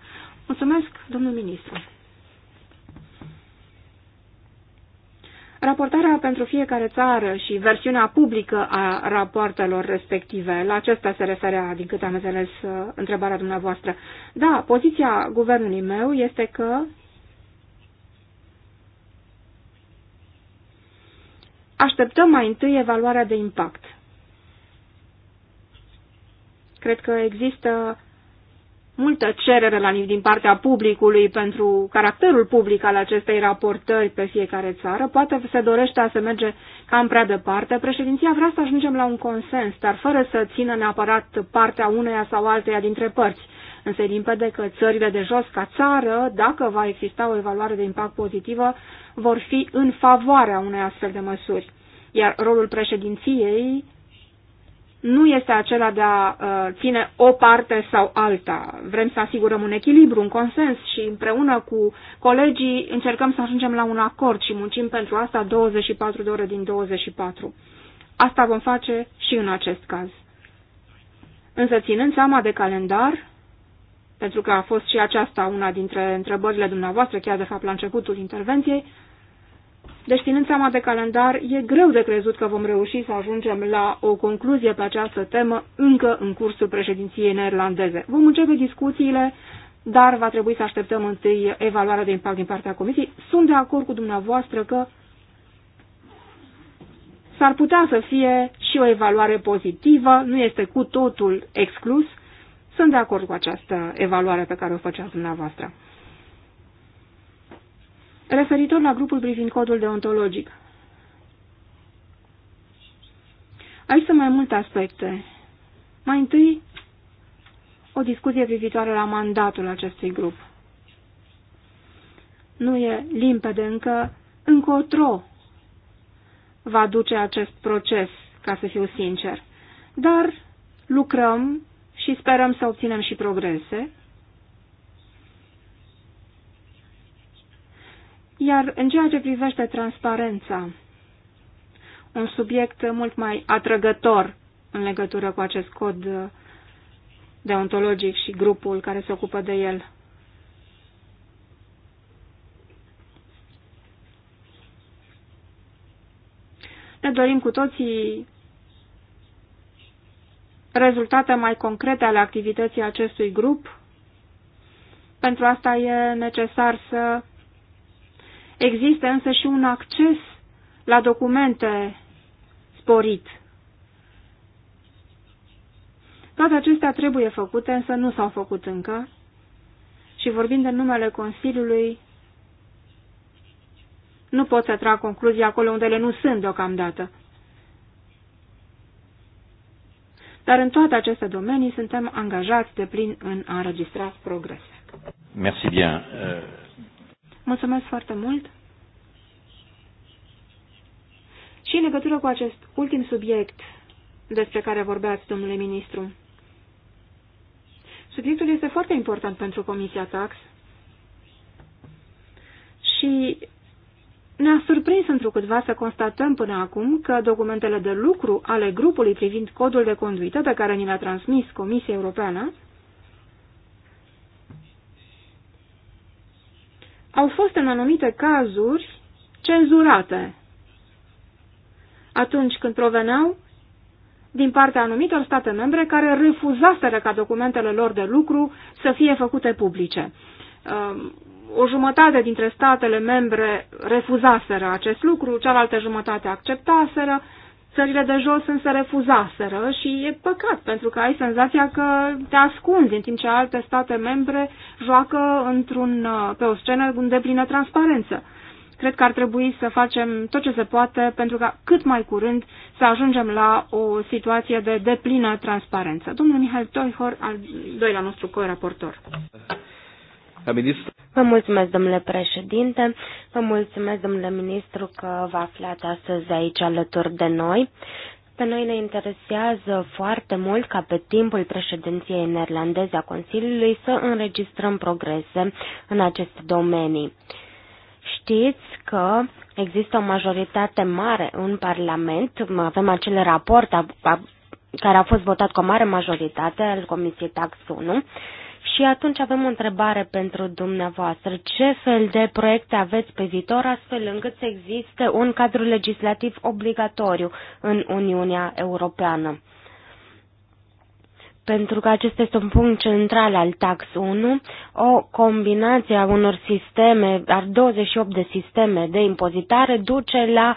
Mulțumesc, domnul ministru. Raportarea pentru fiecare țară și versiunea publică a rapoartelor respective, la acesta se referea, din câte am înțeles, uh, întrebarea dumneavoastră. Da, poziția guvernului meu este că așteptăm mai întâi evaluarea de impact. Cred că există multă cerere la, din partea publicului pentru caracterul public al acestei raportări pe fiecare țară. Poate se dorește a se merge cam prea departe. Președinția vrea să ajungem la un consens, dar fără să țină neapărat partea uneia sau alteia dintre părți. Însă e limpede că țările de jos ca țară, dacă va exista o evaluare de impact pozitivă, vor fi în favoarea unei astfel de măsuri. Iar rolul președinției nu este acela de a uh, ține o parte sau alta. Vrem să asigurăm un echilibru, un consens și împreună cu colegii încercăm să ajungem la un acord și muncim pentru asta 24 de ore din 24. Asta vom face și în acest caz. Însă ținând seama de calendar, pentru că a fost și aceasta una dintre întrebările dumneavoastră, chiar de fapt la începutul intervenției, deci, ținând seama de calendar, e greu de crezut că vom reuși să ajungem la o concluzie pe această temă încă în cursul președinției neerlandeze. Vom începe discuțiile, dar va trebui să așteptăm întâi evaluarea de impact din partea Comisiei. Sunt de acord cu dumneavoastră că s-ar putea să fie și o evaluare pozitivă, nu este cu totul exclus. Sunt de acord cu această evaluare pe care o făceați dumneavoastră. Referitor la grupul privind codul deontologic. Aici sunt mai multe aspecte. Mai întâi, o discuție privitoare la mandatul acestui grup. Nu e limpede încă încotro va duce acest proces, ca să fiu sincer. Dar lucrăm și sperăm să obținem și progrese Iar în ceea ce privește transparența, un subiect mult mai atrăgător în legătură cu acest cod deontologic și grupul care se ocupă de el. Ne dorim cu toții rezultate mai concrete ale activității acestui grup. Pentru asta e necesar să Există însă și un acces la documente sporit. Toate acestea trebuie făcute, însă nu s-au făcut încă. Și vorbind în numele Consiliului, nu pot să trag concluzii acolo unde ele nu sunt deocamdată. Dar în toate aceste domenii suntem angajați de plin în a înregistra progrese. Merci bien. Euh, Mulțumesc foarte mult! Și în legătură cu acest ultim subiect despre care vorbeați, domnule ministru, subiectul este foarte important pentru Comisia Tax și ne-a surprins întrucâtva să constatăm până acum că documentele de lucru ale grupului privind codul de conduită pe care ni l-a transmis Comisia Europeană au fost în anumite cazuri cenzurate atunci când proveneau din partea anumitor state membre care refuzaseră ca documentele lor de lucru să fie făcute publice. Um, o jumătate dintre statele membre refuzaseră acest lucru, cealaltă jumătate acceptaseră, țările de jos însă refuzaseră și e păcat pentru că ai senzația că te ascunzi în timp ce alte state membre joacă într-un, uh, pe o scenă de plină transparență. Cred că ar trebui să facem tot ce se poate pentru ca cât mai curând să ajungem la o situație de deplină transparență. Domnul Mihai Toihor, al doilea nostru co-raportor. Ministru. Vă mulțumesc, domnule președinte, vă mulțumesc, domnule ministru, că vă aflați astăzi aici alături de noi. Pe noi ne interesează foarte mult ca pe timpul președinției neerlandeze a Consiliului să înregistrăm progrese în aceste domenii. Știți că există o majoritate mare în Parlament, avem acel raport a, a, care a fost votat cu o mare majoritate al Comisiei Tax 1, și atunci avem o întrebare pentru dumneavoastră. Ce fel de proiecte aveți pe viitor astfel încât să existe un cadru legislativ obligatoriu în Uniunea Europeană? pentru că acesta este un punct central al Tax 1, o combinație a unor sisteme, a 28 de sisteme de impozitare duce la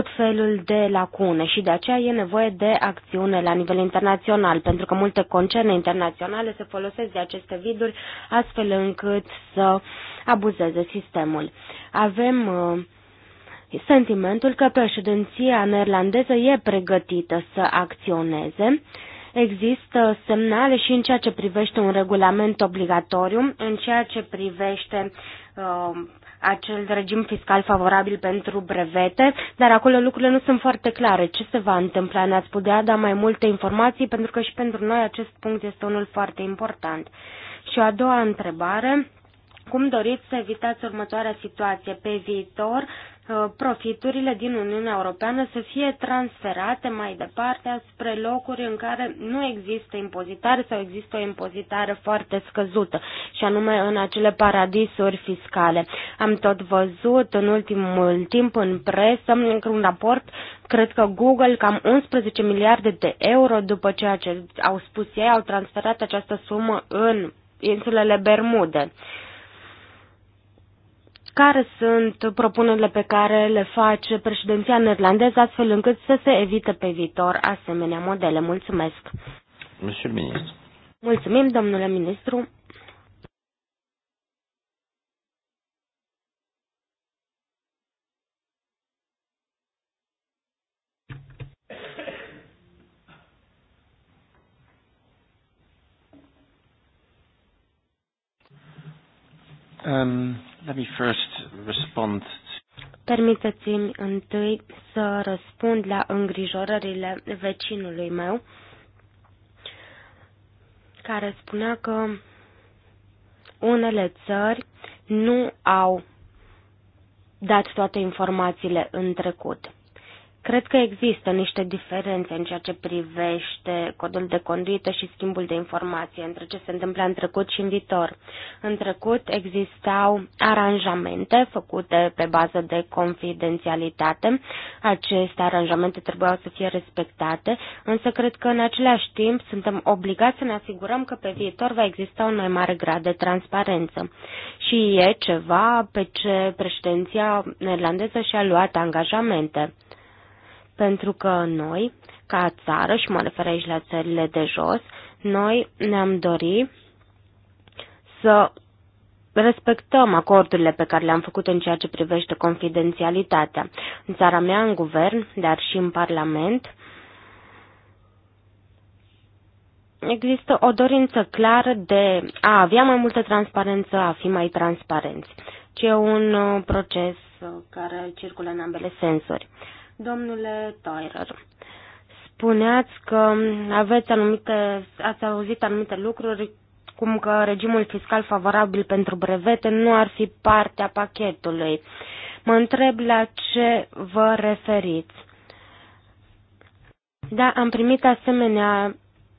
tot felul de lacune și de aceea e nevoie de acțiune la nivel internațional, pentru că multe concerne internaționale se folosesc de aceste viduri astfel încât să abuzeze sistemul. Avem uh, sentimentul că președinția neerlandeză e pregătită să acționeze. Există semnale și în ceea ce privește un regulament obligatoriu, în ceea ce privește uh, acel regim fiscal favorabil pentru brevete, dar acolo lucrurile nu sunt foarte clare. Ce se va întâmpla? Ne-ați putea da mai multe informații, pentru că și pentru noi acest punct este unul foarte important. Și o a doua întrebare, cum doriți să evitați următoarea situație pe viitor, Uh, profiturile din Uniunea Europeană să fie transferate mai departe spre locuri în care nu există impozitare sau există o impozitare foarte scăzută, și anume în acele paradisuri fiscale. Am tot văzut în ultimul timp în presă, un raport, cred că Google cam 11 miliarde de euro după ceea ce au spus ei, au transferat această sumă în insulele Bermude. Uh, care sunt propunerile pe care le face președinția neerlandeză astfel încât să se evite pe viitor asemenea modele. Mulțumesc! Monsieur ministru. Mulțumim, domnule ministru. Um, Let me first respond. Permiteți-mi întâi să răspund la îngrijorările vecinului meu, care spunea că unele țări nu au dat toate informațiile în trecut. Cred că există niște diferențe în ceea ce privește codul de conduită și schimbul de informație între ce se întâmplă în trecut și în viitor. În trecut existau aranjamente făcute pe bază de confidențialitate. Aceste aranjamente trebuiau să fie respectate, însă cred că în același timp suntem obligați să ne asigurăm că pe viitor va exista un mai mare grad de transparență. Și e ceva pe ce președinția neerlandeză și-a luat angajamente. Pentru că noi, ca țară, și mă refer aici la țările de jos, noi ne-am dorit să respectăm acordurile pe care le-am făcut în ceea ce privește confidențialitatea. În țara mea, în guvern, dar și în Parlament, există o dorință clară de a avea mai multă transparență, a fi mai transparenți. Ce e un uh, proces uh, care circulă în ambele sensuri. Domnule Toirer, spuneați că aveți anumite, ați auzit anumite lucruri, cum că regimul fiscal favorabil pentru brevete nu ar fi partea pachetului. Mă întreb la ce vă referiți. Da, am primit asemenea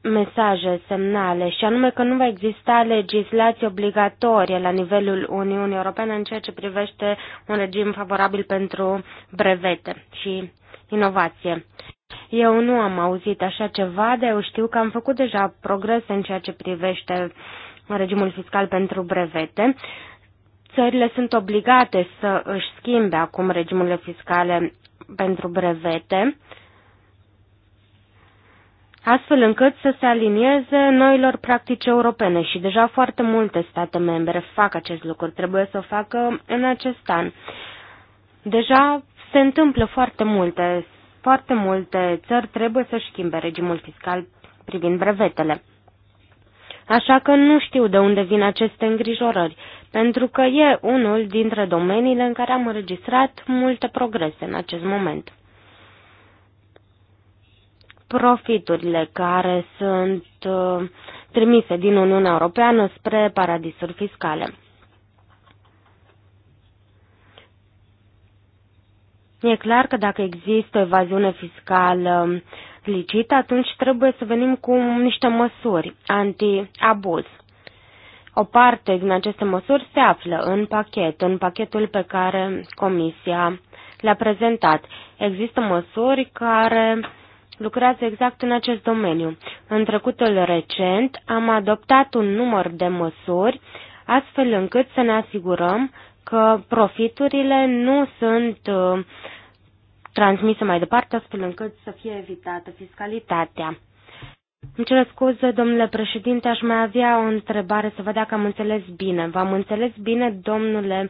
mesaje, semnale, și anume că nu va exista legislație obligatorie la nivelul Uniunii Europene în ceea ce privește un regim favorabil pentru brevete și inovație. Eu nu am auzit așa ceva, dar eu știu că am făcut deja progrese în ceea ce privește regimul fiscal pentru brevete. Țările sunt obligate să își schimbe acum regimurile fiscale pentru brevete astfel încât să se alinieze noilor practici europene și deja foarte multe state membre fac acest lucru, trebuie să o facă în acest an. Deja se întâmplă foarte multe, foarte multe țări trebuie să-și schimbe regimul fiscal privind brevetele. Așa că nu știu de unde vin aceste îngrijorări, pentru că e unul dintre domeniile în care am înregistrat multe progrese în acest moment profiturile care sunt uh, trimise din Uniunea Europeană spre paradisuri fiscale. E clar că dacă există o evaziune fiscală licită, atunci trebuie să venim cu niște măsuri anti-abuz. O parte din aceste măsuri se află în pachet, în pachetul pe care Comisia le-a prezentat. Există măsuri care lucrează exact în acest domeniu. În trecutul recent am adoptat un număr de măsuri astfel încât să ne asigurăm că profiturile nu sunt uh, transmise mai departe, astfel încât să fie evitată fiscalitatea. Îmi cer scuze, domnule președinte, aș mai avea o întrebare să văd dacă am înțeles bine. V-am înțeles bine, domnule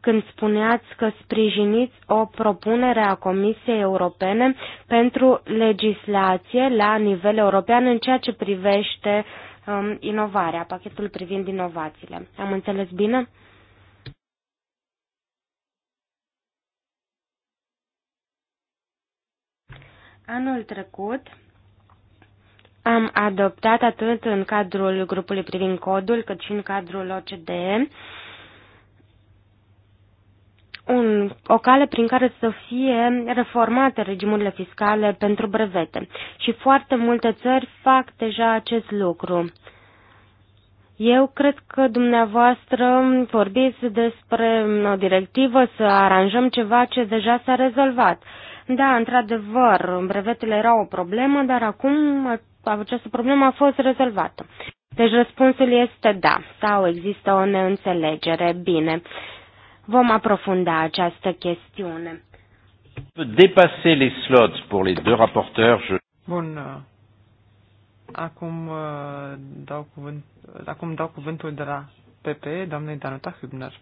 când spuneați că sprijiniți o propunere a Comisiei Europene pentru legislație la nivel european în ceea ce privește um, inovarea, pachetul privind inovațiile. Am înțeles bine? Anul trecut am adoptat atât în cadrul grupului privind codul, cât și în cadrul OCDE un, o cale prin care să fie reformate regimurile fiscale pentru brevete. Și foarte multe țări fac deja acest lucru. Eu cred că dumneavoastră vorbiți despre o directivă să aranjăm ceva ce deja s-a rezolvat. Da, într-adevăr, brevetele erau o problemă, dar acum această problemă a fost rezolvată. Deci răspunsul este da, sau există o neînțelegere. Bine. Vom aprofunda această chestiune. Dépasser les slots pour les deux rapporteurs. Je... Bun. Uh, acum uh, dau, cuvânt, acum dau cuvântul de la PP, doamnei Danuta Hübner.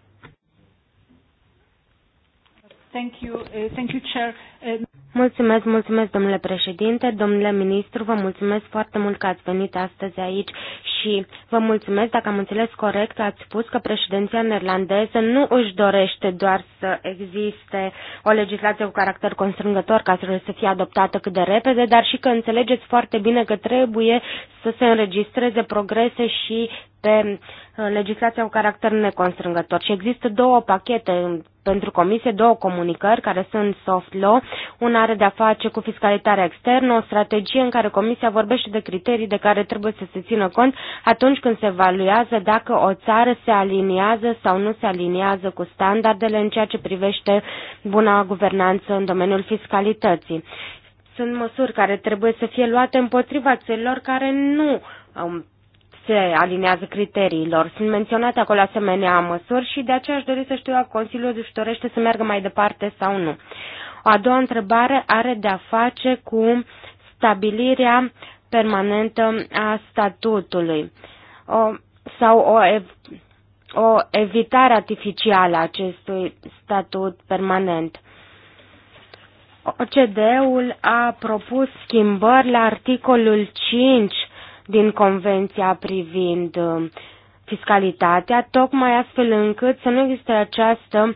Uh, uh, mulțumesc, mulțumesc, domnule președinte, domnule ministru, vă mulțumesc foarte mult că ați venit astăzi aici și vă mulțumesc dacă am înțeles corect, ați spus că președinția neerlandeză nu își dorește doar să existe o legislație cu caracter constrângător ca să fie adoptată cât de repede, dar și că înțelegeți foarte bine că trebuie să se înregistreze progrese și pe uh, legislația cu caracter neconstrângător și există două pachete um, pentru comisie, două comunicări care sunt soft law. Una are de-a face cu fiscalitatea externă, o strategie în care comisia vorbește de criterii de care trebuie să se țină cont atunci când se evaluează dacă o țară se aliniază sau nu se aliniază cu standardele în ceea ce privește buna guvernanță în domeniul fiscalității. Sunt măsuri care trebuie să fie luate împotriva țărilor care nu um, se alinează criteriilor. Sunt menționate acolo asemenea măsuri și de aceea aș dori să știu dacă Consiliul își dorește să meargă mai departe sau nu. O a doua întrebare are de-a face cu stabilirea permanentă a statutului o, sau o, ev, o evitare artificială a acestui statut permanent. OCDE-ul a propus schimbări la articolul 5 din Convenția privind uh, fiscalitatea, tocmai astfel încât să nu existe această um,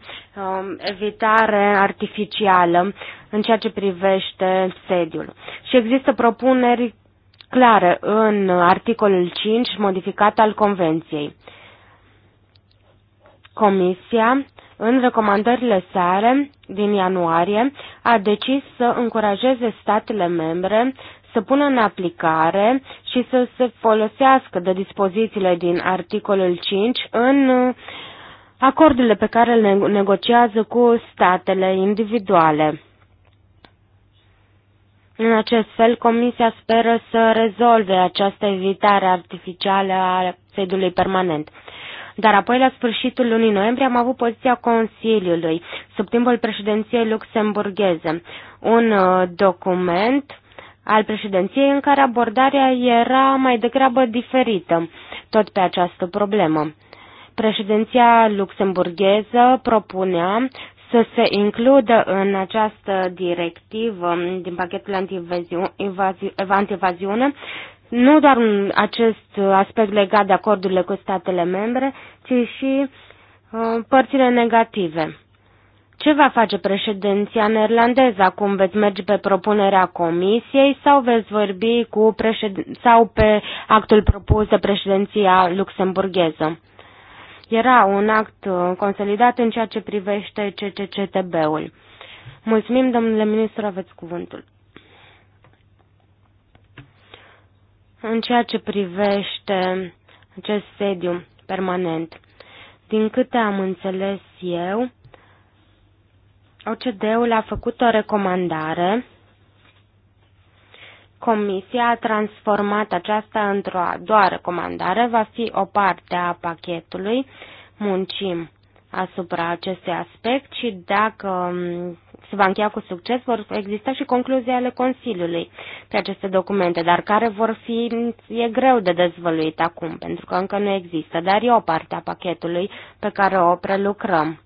evitare artificială în ceea ce privește sediul. Și există propuneri clare în articolul 5 modificat al Convenției. Comisia, în recomandările sale din ianuarie, a decis să încurajeze statele membre să pună în aplicare și să se folosească de dispozițiile din articolul 5 în uh, acordurile pe care le negociază cu statele individuale. În acest fel, Comisia speră să rezolve această evitare artificială a sediului permanent. Dar apoi, la sfârșitul lunii noiembrie, am avut poziția Consiliului, sub timpul președinției luxemburgheze, un uh, document al președinției în care abordarea era mai degrabă diferită, tot pe această problemă. Președinția luxemburgheză propunea să se includă în această directivă din pachetul antivaziune nu doar acest aspect legat de acordurile cu statele membre, ci și uh, părțile negative. Ce va face președinția neerlandeză acum? Veți merge pe propunerea comisiei sau veți vorbi cu președ... sau pe actul propus de președinția luxemburgheză? Era un act uh, consolidat în ceea ce privește CCCTB-ul. Mulțumim, domnule ministru, aveți cuvântul. În ceea ce privește acest sediu permanent, din câte am înțeles eu, OCD-ul a făcut o recomandare. Comisia a transformat aceasta într-o a doua recomandare, va fi o parte a pachetului. Muncim asupra acestui aspect și dacă mm, se va încheia cu succes, vor exista și concluzii ale Consiliului pe aceste documente, dar care vor fi, e greu de dezvăluit acum, pentru că încă nu există, dar e o parte a pachetului pe care o prelucrăm.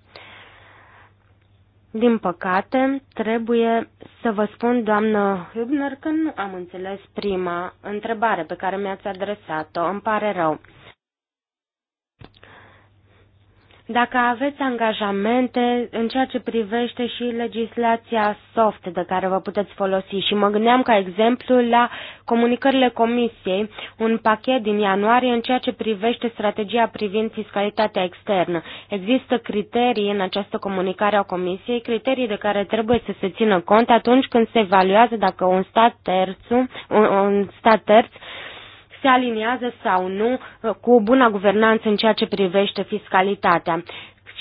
Din păcate, trebuie să vă spun, doamnă Hübner, că nu am înțeles prima întrebare pe care mi-ați adresat-o. Îmi pare rău. dacă aveți angajamente în ceea ce privește și legislația soft de care vă puteți folosi. Și mă gândeam ca exemplu la comunicările Comisiei, un pachet din ianuarie în ceea ce privește strategia privind fiscalitatea externă. Există criterii în această comunicare a Comisiei, criterii de care trebuie să se țină cont atunci când se evaluează dacă un stat terț, un, un stat terț se aliniază sau nu uh, cu buna guvernanță în ceea ce privește fiscalitatea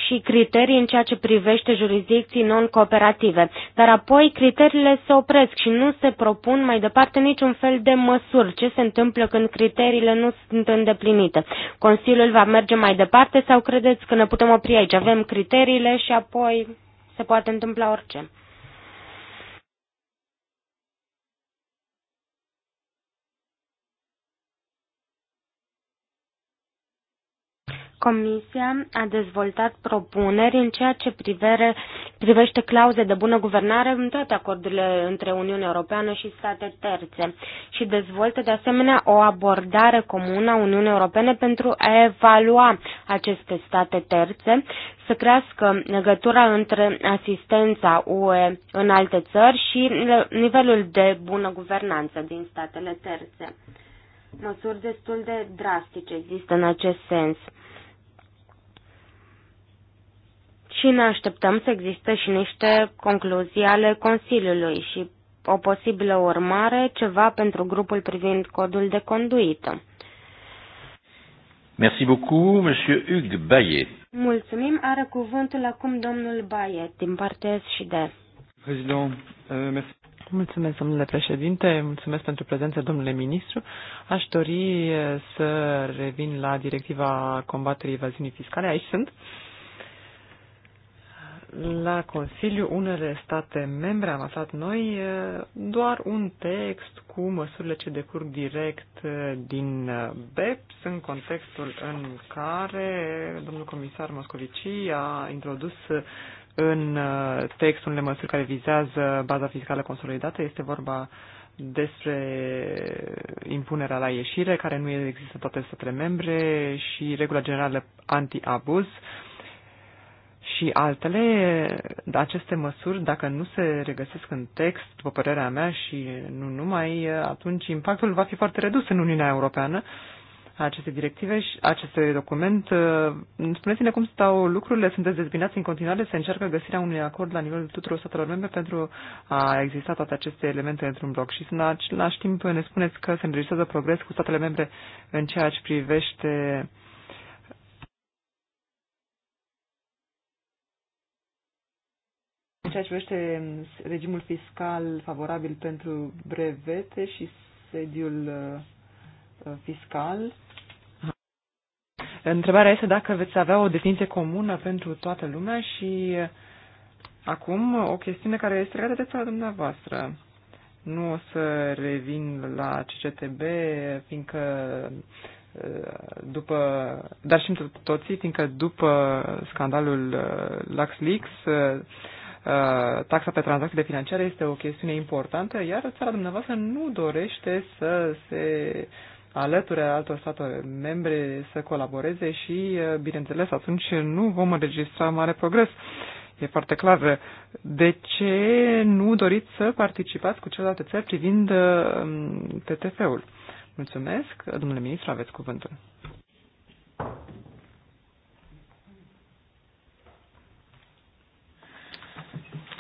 și criterii în ceea ce privește jurisdicții non-cooperative. Dar apoi criteriile se opresc și nu se propun mai departe niciun fel de măsuri. Ce se întâmplă când criteriile nu sunt îndeplinite? Consiliul va merge mai departe sau credeți că ne putem opri aici? Avem criteriile și apoi se poate întâmpla orice. Comisia a dezvoltat propuneri în ceea ce privere, privește clauze de bună guvernare în toate acordurile între Uniunea Europeană și state terțe și dezvoltă de asemenea o abordare comună a Uniunii Europene pentru a evalua aceste state terțe, să crească legătura între asistența UE în alte țări și nivelul de bună guvernanță din statele terțe. Măsuri destul de drastice există în acest sens. și ne așteptăm să existe și niște concluzii ale Consiliului și o posibilă urmare, ceva pentru grupul privind codul de conduită. Merci beaucoup, Monsieur Hugues Bayet. Mulțumim. Are cuvântul acum domnul Bayet, din partea SD. Président, euh, Mulțumesc, domnule președinte, mulțumesc pentru prezență, domnule ministru. Aș dori eh, să revin la directiva combaterii evaziunii fiscale. Aici sunt. Uh, la Consiliu, unele state membre, am aflat noi, eh, doar un text cu măsurile ce decurg direct eh, din eh, BEPS în contextul în care domnul comisar Moscovici a introdus în text unele măsuri care vizează baza fiscală consolidată. Este vorba despre impunerea la ieșire, care nu există în toate statele membre, și regula generală anti-abuz, și altele, aceste măsuri, dacă nu se regăsesc în text, după părerea mea și nu numai, atunci impactul va fi foarte redus în Uniunea Europeană a directive și aceste document. Uh, spuneți-ne cum stau lucrurile, sunteți dezbinați în continuare, se încearcă găsirea unui acord la nivelul tuturor statelor membre pentru a exista toate aceste elemente într-un bloc și în același timp ne spuneți că se înregistrează progres cu statele membre în ceea ce privește ceea ce privește regimul fiscal favorabil pentru brevete și sediul uh, fiscal. Întrebarea este dacă veți avea o definiție comună pentru toată lumea și uh, acum o chestiune care este legată de țara dumneavoastră. Nu o să revin la CCTB, fiindcă uh, după, dar știm toții, fiindcă după scandalul LuxLeaks, Uh, taxa pe tranzacțiile financiare este o chestiune importantă, iar țara dumneavoastră nu dorește să se alăture altor state membre să colaboreze și, uh, bineînțeles, atunci nu vom înregistra mare progres. E foarte clar. De ce nu doriți să participați cu celelalte țări privind uh, TTF-ul? Mulțumesc. Domnule ministru, aveți cuvântul.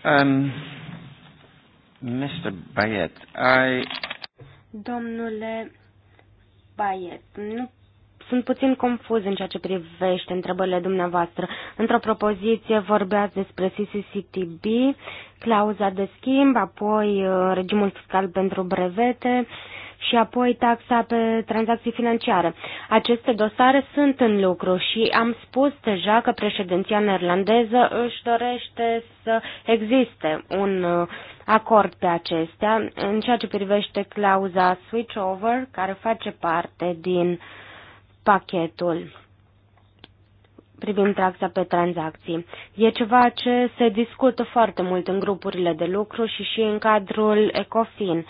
Um, Mr. Bayet, I... Domnule Bayet, nu sunt puțin confuz în ceea ce privește întrebările dumneavoastră. Într-o propoziție vorbeați despre CCCTB, clauza de schimb, apoi uh, regimul fiscal pentru brevete. Uh, și apoi taxa pe tranzacții financiare. Aceste dosare sunt în lucru și am spus deja că președinția neerlandeză își dorește să existe un uh, acord pe acestea în ceea ce privește clauza switchover care face parte din pachetul privind taxa pe tranzacții. E ceva ce se discută foarte mult în grupurile de lucru și și în cadrul ECOFIN.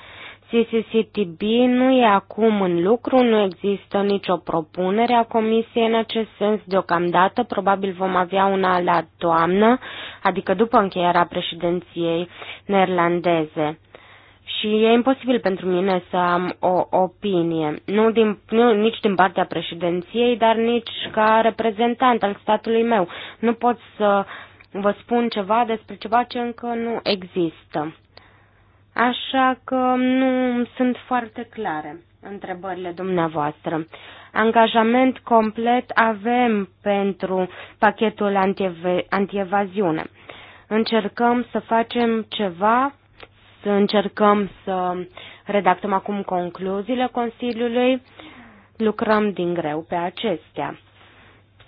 CCCTB nu e acum în lucru, nu există nicio propunere a Comisiei în acest sens deocamdată, probabil vom avea una la toamnă, adică după încheierea președinției neerlandeze. Și e imposibil pentru mine să am o opinie, nu, din, nu nici din partea președinției, dar nici ca reprezentant al statului meu. Nu pot să vă spun ceva despre ceva ce încă nu există. Așa că nu sunt foarte clare întrebările dumneavoastră. Angajament complet avem pentru pachetul antievaziune. Încercăm să facem ceva, să încercăm să redactăm acum concluziile Consiliului, lucrăm din greu pe acestea.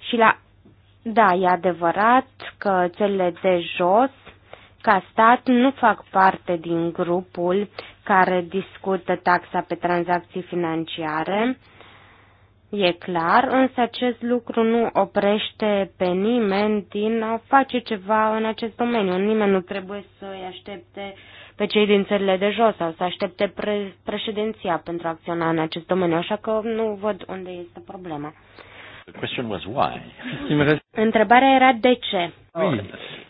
Și la, da, e adevărat că cele de jos ca stat nu fac parte din grupul care discută taxa pe tranzacții financiare. E clar, însă acest lucru nu oprește pe nimeni din a face ceva în acest domeniu. Nimeni nu trebuie să îi aștepte pe cei din țările de jos sau să aștepte pre- președinția pentru a acționa în acest domeniu, așa că nu văd unde este problema. [laughs] Întrebarea era de ce. Oh.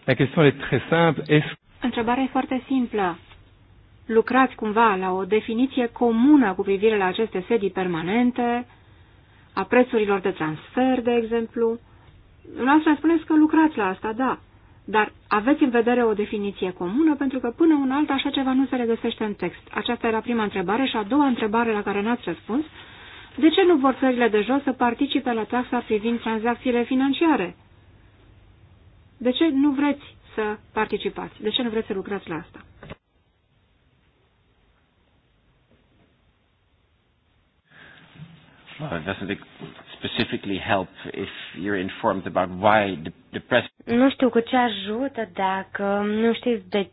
La question est très simple. Est Întrebarea e foarte simplă. Lucrați cumva la o definiție comună cu privire la aceste sedii permanente, a prețurilor de transfer, de exemplu? Noastră spuneți că lucrați la asta, da, dar aveți în vedere o definiție comună, pentru că până un alt așa ceva nu se regăsește în text. Aceasta era prima întrebare și a doua întrebare la care n-ați răspuns. De ce nu vor țările de jos să participe la taxa privind tranzacțiile financiare? De ce nu vreți să participați? De ce nu vreți să lucrați la asta? Nu știu cu ce ajută dacă nu știți de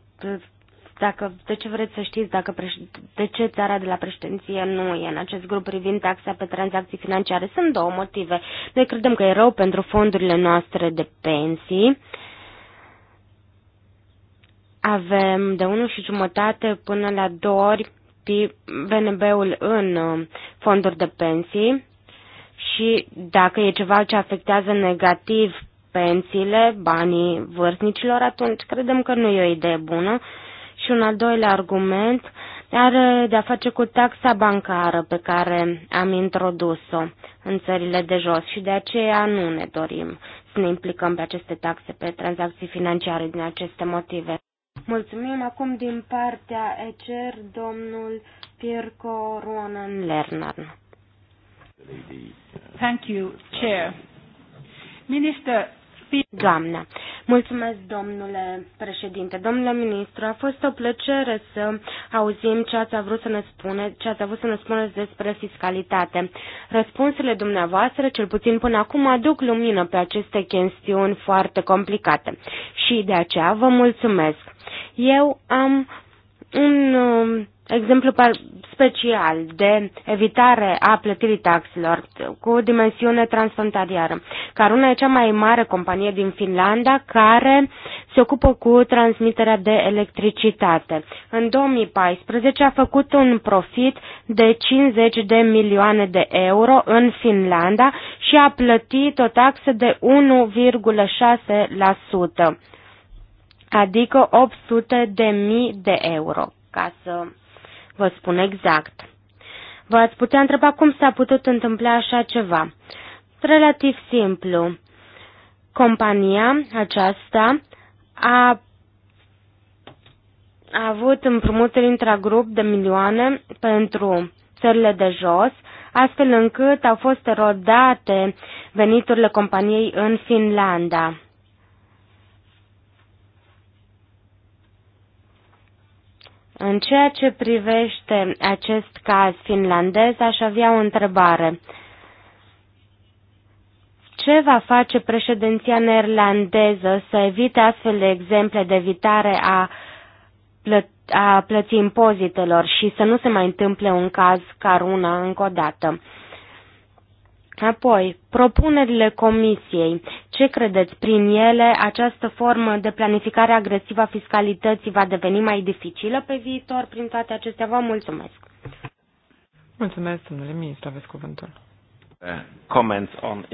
dacă, de ce vreți să știți dacă preș... de ce țara de la președinție nu e în acest grup privind taxa pe tranzacții financiare? Sunt două motive. Noi credem că e rău pentru fondurile noastre de pensii. Avem de 1 și jumătate până la 2 ori VNB-ul în uh, fonduri de pensii și dacă e ceva ce afectează negativ pensiile, banii vârstnicilor, atunci credem că nu e o idee bună și un al doilea argument are de-a face cu taxa bancară pe care am introdus-o în țările de jos și de aceea nu ne dorim să ne implicăm pe aceste taxe pe tranzacții financiare din aceste motive. Mulțumim acum din partea ECER domnul Pirco Ronan Lernan. Thank you, Chair. Minister, Doamna, Mulțumesc, domnule președinte. Domnule ministru, a fost o plăcere să auzim ce ați vrut să ne, spune, ce ați avut să ne spuneți despre fiscalitate. Răspunsurile dumneavoastră, cel puțin până acum, aduc lumină pe aceste chestiuni foarte complicate și de aceea vă mulțumesc. Eu am un um, exemplu special de evitare a plătirii taxelor cu dimensiune transfrontalieră. Caruna e cea mai mare companie din Finlanda care se ocupă cu transmiterea de electricitate. În 2014 a făcut un profit de 50 de milioane de euro în Finlanda și a plătit o taxă de 1,6% adică 800 de mii de euro, ca să vă spun exact. V-ați putea întreba cum s-a putut întâmpla așa ceva. Relativ simplu. Compania aceasta a a avut împrumuturi intragrup de milioane pentru țările de jos, astfel încât au fost erodate veniturile companiei în Finlanda. În ceea ce privește acest caz finlandez, aș avea o întrebare. Ce va face președinția neerlandeză să evite astfel de exemple de evitare a, plă- a plății impozitelor și să nu se mai întâmple un caz ca una încă o dată? Apoi, propunerile Comisiei. Ce credeți prin ele? Această formă de planificare agresivă a fiscalității va deveni mai dificilă pe viitor? Prin toate acestea, vă mulțumesc. Mulțumesc, domnule ministru, aveți cuvântul. Uh, comments on...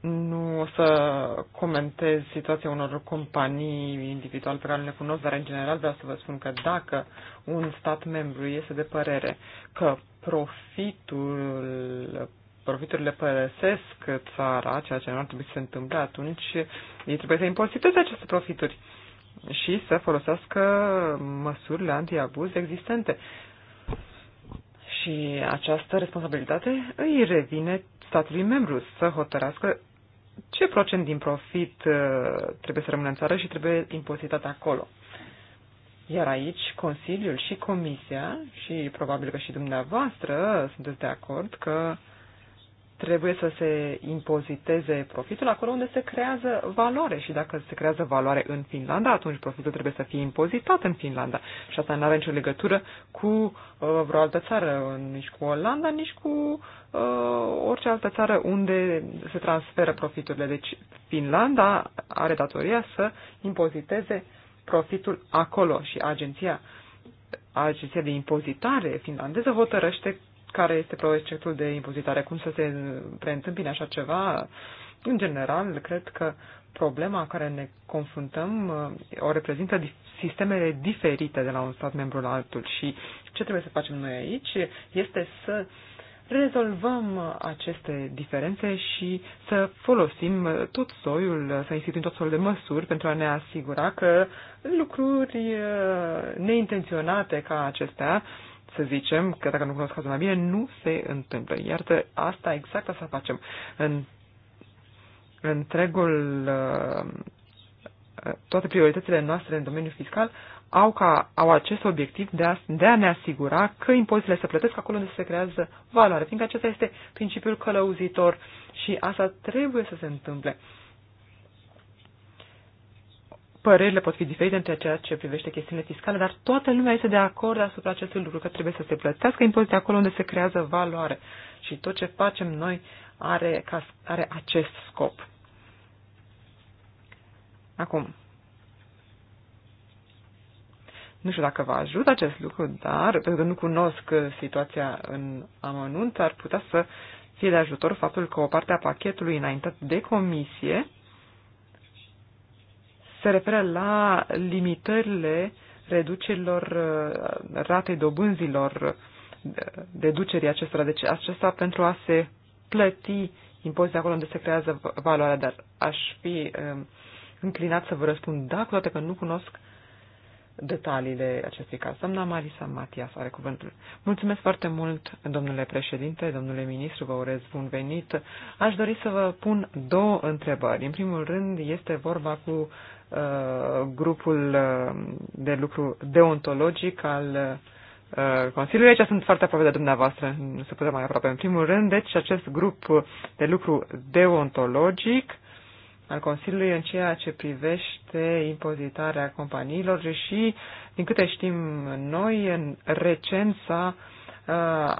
Nu o să comentez situația unor companii individual pe care le cunosc, dar în general vreau să vă spun că dacă un stat membru iese de părere că profitul profiturile părăsesc țara, ceea ce nu ar trebui să se întâmple, atunci ei trebuie să impoziteze aceste profituri și să folosească măsurile antiabuz existente. Și această responsabilitate îi revine statului membru să hotărească ce procent din profit uh, trebuie să rămână în țară și trebuie impozitat acolo. Iar aici Consiliul și Comisia și probabil că și dumneavoastră sunteți de acord că uh, trebuie să se impoziteze profitul acolo unde se creează valoare și dacă se creează valoare în Finlanda, atunci profitul trebuie să fie impozitat în Finlanda și asta nu are nicio legătură cu uh, vreo altă țară, nici cu Olanda, nici cu uh, orice altă țară unde se transferă profiturile. Deci Finlanda are datoria să impoziteze profitul acolo și agenția agenția de impozitare finlandeză hotărăște care este proiectul de impozitare. Cum să se preîntâmpine așa ceva? În general, cred că problema care ne confruntăm uh, o reprezintă sistemele diferite de la un stat membru la altul și ce trebuie să facem noi aici este să rezolvăm aceste diferențe și să folosim tot soiul, să instituim tot soiul de măsuri pentru a ne asigura că lucruri uh, neintenționate ca acestea să zicem că dacă nu cunosc cazul mai bine, nu se întâmplă. Iar asta, exact asta facem. În întregul, uh, uh, toate prioritățile noastre în domeniul fiscal au, ca, au acest obiectiv de a, de a ne asigura că impozitele se plătesc acolo unde se creează valoare, fiindcă acesta este principiul călăuzitor și asta trebuie să se întâmple. Uh, părerile pot fi diferite între ceea ce privește chestiunile fiscale, dar toată lumea este de acord asupra acestui lucru, că trebuie să se plătească impozite acolo unde se creează valoare. Și tot ce facem noi are, ca, are acest scop. Acum, nu știu dacă vă ajut acest lucru, dar pentru că nu cunosc situația în amănunt, ar putea să fie de ajutor faptul că o parte a pachetului înaintat de comisie se referă la limitările reducerilor uh, ratei dobânzilor, uh, deducerii acestora. Deci acesta pentru a se plăti impozitul acolo unde se creează valoarea, dar aș fi um, înclinat să vă răspund da, cu toate că nu cunosc detaliile acestui caz. Doamna Marisa Matias are cuvântul. Mulțumesc foarte mult, domnule președinte, domnule ministru, vă urez bun venit. Aș dori să vă pun două întrebări. În primul rând, este vorba cu Uh, grupul uh, de lucru deontologic al uh, Consiliului. Aici sunt foarte aproape de dumneavoastră, nu se putea mai aproape. În primul rând, deci acest grup de lucru deontologic al Consiliului în ceea ce privește impozitarea companiilor și, din câte știm noi, în recent s-a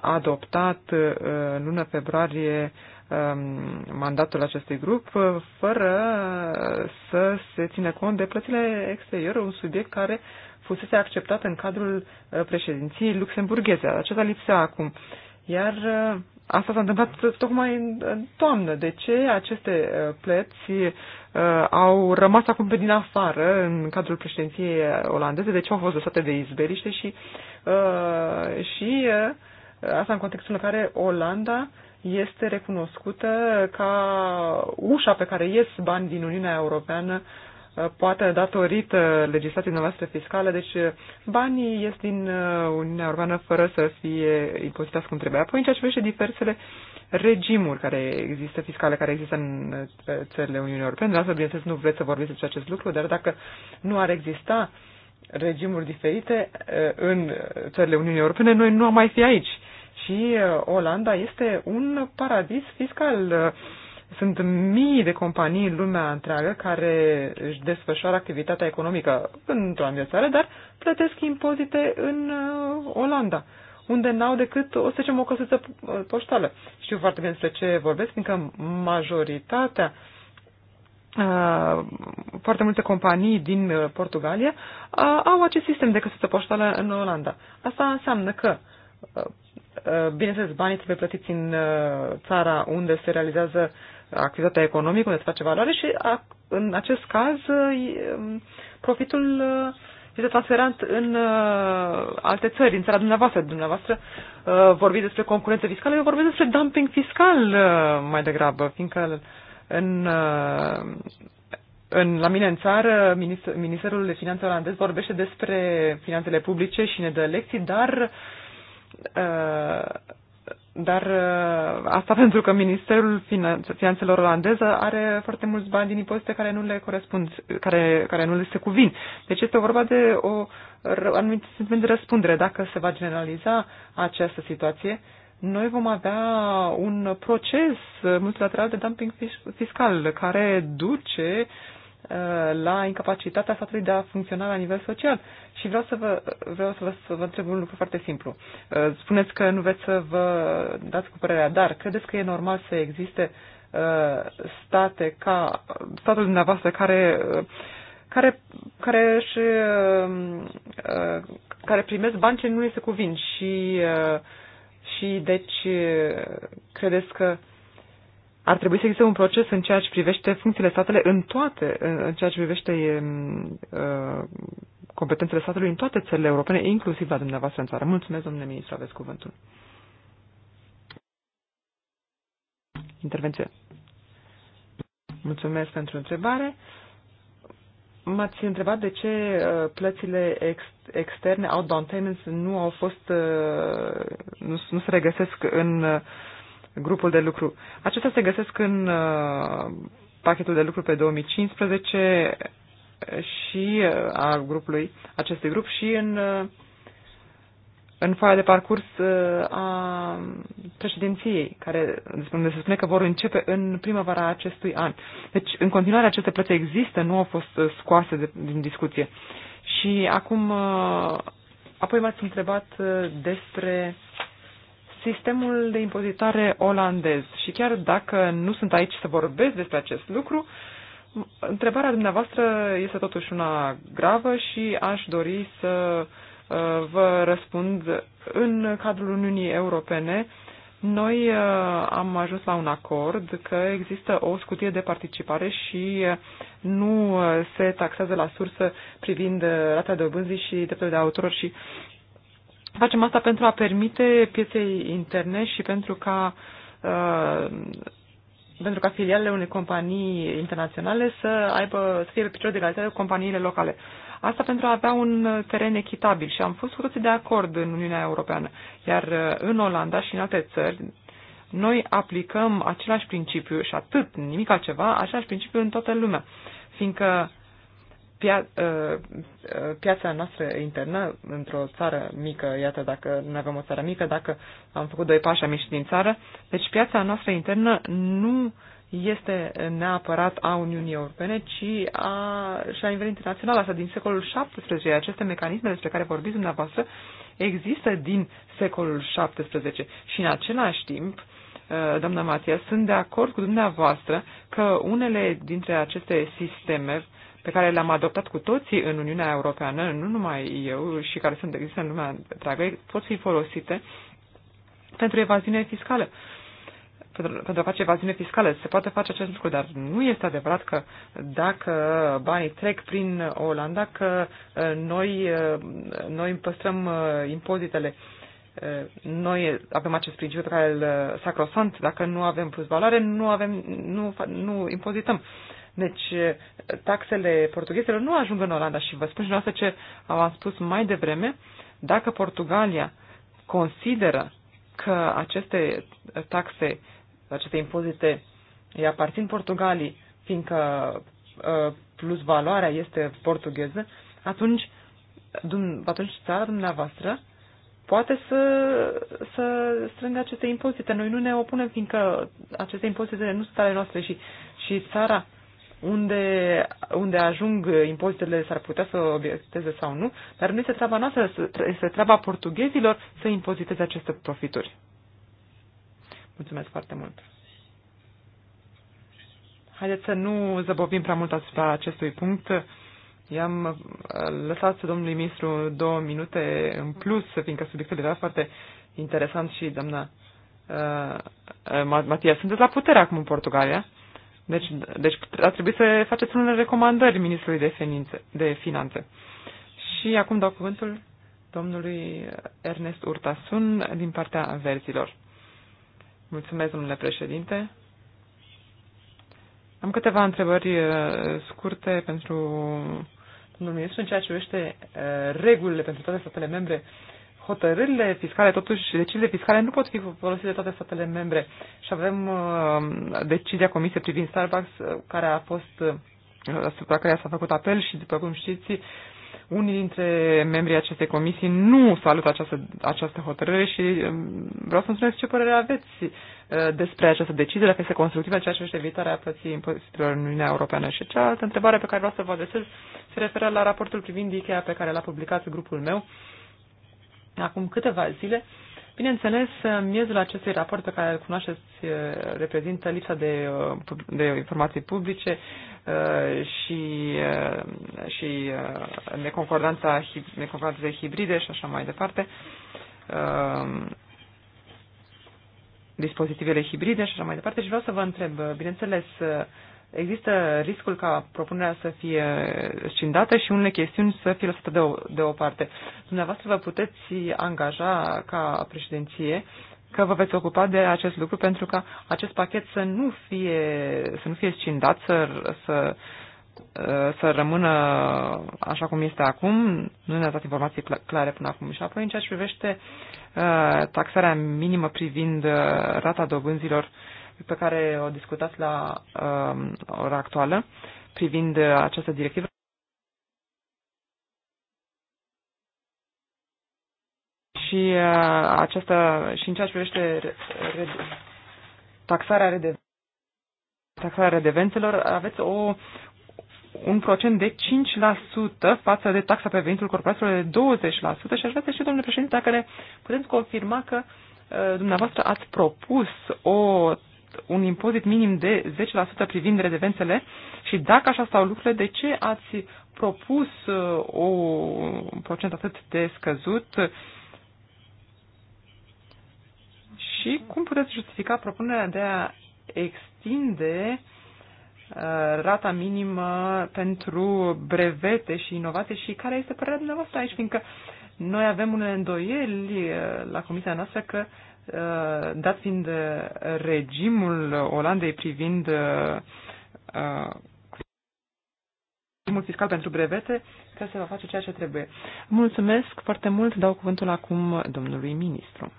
adoptat în luna februarie Um, mandatul acestui grup uh, fără să se țină cont de plățile exterioare, un subiect care fusese acceptat în cadrul uh, președinției luxemburgheze. Aceasta lipsea acum. Iar uh, asta s-a întâmplat tocmai în toamnă. De ce aceste plăți au rămas acum pe din afară în cadrul președinției olandeze? De ce au fost lăsate de izberiște? și, și asta în contextul în care Olanda este recunoscută ca ușa pe care ies bani din Uniunea Europeană, uh, poate datorită legislației noastre fiscale, deci uh, banii ies din uh, Uniunea Europeană fără să fie impozitați cum trebuie. Apoi, în ceea ce privește diversele regimuri care există, fiscale care există în țările Uniunii Europene, de asta, bineînțeles, nu vreți să vorbiți despre acest lucru, dar dacă nu ar exista regimuri diferite în țările Uniunii Europene, noi nu am mai fi aici și uh, Olanda este un paradis fiscal. Sunt mii de companii în lumea întreagă care își desfășoară activitatea economică într-o anumită țară, dar plătesc impozite în uh, Olanda, unde n-au decât, o să zicem, o căsuță uh, poștală. Știu foarte bine despre ce vorbesc, fiindcă majoritatea uh, foarte multe companii din Portugalia au acest sistem de căsuță poștală în Olanda. Asta înseamnă că Uh, bineînțeles, banii trebuie plătiți în uh, țara unde se realizează activitatea economică, unde se face valoare și în acest caz uh, um, profitul este transferant în alte țări, în țara dumneavoastră. Dumneavoastră vorbiți despre concurență fiscală, eu vorbesc despre dumping fiscal mai degrabă, fiindcă în, în, la mine în țară, minister, Ministerul de Finanțe olandez vorbește despre finanțele publice și ne dă lecții, dar uh, Uh, dar uh, asta [laughs] pentru că Ministerul Finanțelor Olandeză are foarte mulți bani din impozite care nu le corespund, care, care nu le se cuvin. Deci este vorba de o anumit sentiment de răspundere. Dacă se va generaliza această situație, noi vom avea un proces multilateral de dumping fiscal care duce Uh, la incapacitatea statului de a funcționa la nivel social. Și vreau să vă, vreau să vă, să vă întreb un lucru foarte simplu. Uh, spuneți că nu veți să vă dați cu părerea, dar credeți că e normal să existe uh, state ca statul dumneavoastră care care, care, și, care primesc bani ce nu este se cuvin și, și deci credeți că ar trebui să existe un proces în ceea ce privește funcțiile statele în toate, în ceea ce privește uh, competențele statului în toate țările europene, inclusiv la dumneavoastră în țară. Mulțumesc, domnule ministru, aveți cuvântul. Intervenție. Mulțumesc pentru întrebare. M-ați întrebat de ce uh, plățile ex, externe, outbound payments, nu au fost, uh, nu, nu se regăsesc în uh, grupul de lucru. Acestea se găsesc în uh, pachetul de lucru pe 2015 și uh, a grupului, acestui grup și în, uh, în foaia de parcurs a președinției, care unde se spune că vor începe în primăvara acestui an. Deci, în continuare, aceste plăți există, nu au fost scoase de, din discuție. Și acum, apoi m-ați întrebat despre sistemul de impozitare olandez. Și chiar dacă nu sunt aici să vorbesc despre acest lucru, întrebarea dumneavoastră este totuși una gravă și aș dori să uh, vă răspund în cadrul Uniunii Europene. Noi uh, am ajuns la un acord că există o scutire de participare și uh, nu se taxează la sursă privind rata de dobânzii și dreptul de autor și Facem asta pentru a permite pieței interne și pentru ca uh, pentru ca filialele unei companii internaționale să aibă să fie pe picior de egalitate cu companiile locale. Asta pentru a avea un teren echitabil și am fost cu toții de acord în Uniunea Europeană. Iar uh, în Olanda și în alte țări, noi aplicăm același principiu și atât, nimic altceva, același principiu în toată lumea. Fiindcă pia, uh, piața noastră internă într-o țară mică, iată dacă nu avem o țară mică, dacă am făcut doi pași amici din țară, deci piața noastră internă nu este neapărat a Uniunii Europene, ci a, și la nivel internațional, asta din secolul XVII. Aceste mecanisme despre care vorbiți dumneavoastră există din secolul XVII și în același timp uh, doamna Matia, sunt de acord cu dumneavoastră că unele dintre aceste sisteme pe care le-am adoptat cu toții în Uniunea Europeană, nu numai eu, și care sunt există în lumea întreagă, pot fi folosite pentru evaziune fiscală. Pentru, pentru a face evaziune fiscală se poate face acest lucru, dar nu este adevărat că dacă banii trec prin Olanda, că uh, noi, uh, noi păstrăm uh, impozitele noi avem acest principiu pe care îl sacrosant, dacă nu avem plus valoare, nu, avem, nu, nu impozităm. Deci, taxele portughezilor nu ajung în Olanda și vă spun și noastră ce am spus mai devreme, dacă Portugalia consideră că aceste taxe, aceste impozite îi aparțin Portugalii, fiindcă plus valoarea este portugheză, atunci, atunci țara dumneavoastră poate să, să strângă aceste impozite. Noi nu ne opunem, fiindcă aceste impozite nu sunt ale noastre și, și țara unde, unde ajung impozitele s-ar putea să obiecteze sau nu, dar nu este treaba noastră, este treaba portughezilor să impoziteze aceste profituri. Mulțumesc foarte mult! Haideți să nu zăbovim prea mult asupra acestui punct. I-am lăsat domnului ministru două minute în plus, fiindcă subiectul era foarte interesant și doamna uh, uh Matia, sunteți la putere acum în Portugalia? Deci, deci ar trebui să faceți unele recomandări Ministrului de, Fenințe, de Finanțe. Și acum dau cuvântul domnului Ernest Urtasun din partea verzilor. Mulțumesc, domnule președinte. Am câteva întrebări uh, scurte pentru domnul ministru în ceea ce privește uh, regulile pentru toate statele membre hotărârile fiscale, totuși deciziile fiscale nu pot fi folosite de toate statele membre. Și avem uh, decizia Comisiei privind Starbucks, uh, care a fost, uh, asupra care s-a făcut apel și, după cum știți, unii dintre membrii acestei comisii nu salută această, această hotărâre și um, vreau să-mi spuneți ce părere aveți uh, despre această decizie, dacă este constructivă ceea ce privește evitarea plății impozitelor în Uniunea Europeană. Și cealaltă întrebare pe care vreau să vă adresez se referă la raportul privind IKEA pe care l-a publicat grupul meu. Uh, acum câteva zile. Bineînțeles, miezul acestui raport pe care îl cunoașteți eh, reprezintă lipsa de, eh, de informații publice eh, și, și neconcordanța, de hibride și așa mai departe, ehm, dispozitivele hibride și așa mai departe. Și vreau să vă întreb, bineînțeles, există riscul ca propunerea să fie scindată și unele chestiuni să fie lăsate de, deoparte. Dumneavoastră vă puteți angaja ca președinție că vă veți ocupa de acest lucru pentru ca acest pachet să nu fie, să nu fie scindat, să, să, să rămână așa cum este acum. Nu ne ați dat informații clare până acum. Și apoi, în ceea ce privește uh, taxarea minimă privind uh, rata dobânzilor pe care o discutați la uh, ora actuală privind uh, această directivă. Și uh, aceasta și în ceea ce privește re, re, taxarea rede, taxarea redevențelor, aveți o un procent de 5% față de taxa pe venitul corporațiilor de 20% și aș vrea să știu, domnule președinte, dacă ne putem confirma că uh, dumneavoastră ați propus o un impozit minim de 10% privind redevențele și dacă așa stau lucrurile, de ce ați propus uh, o, un procent atât de scăzut și cum puteți justifica propunerea de a extinde uh, rata minimă pentru brevete și inovație și care este părerea dumneavoastră aici, fiindcă noi avem unele îndoieli uh, la comisia noastră că uh, Uh, dat fiind uh, regimul Olandei privind uh, regimul fiscal pentru brevete, că se va face ceea ce trebuie. Mulțumesc foarte mult, dau cuvântul acum domnului ministru.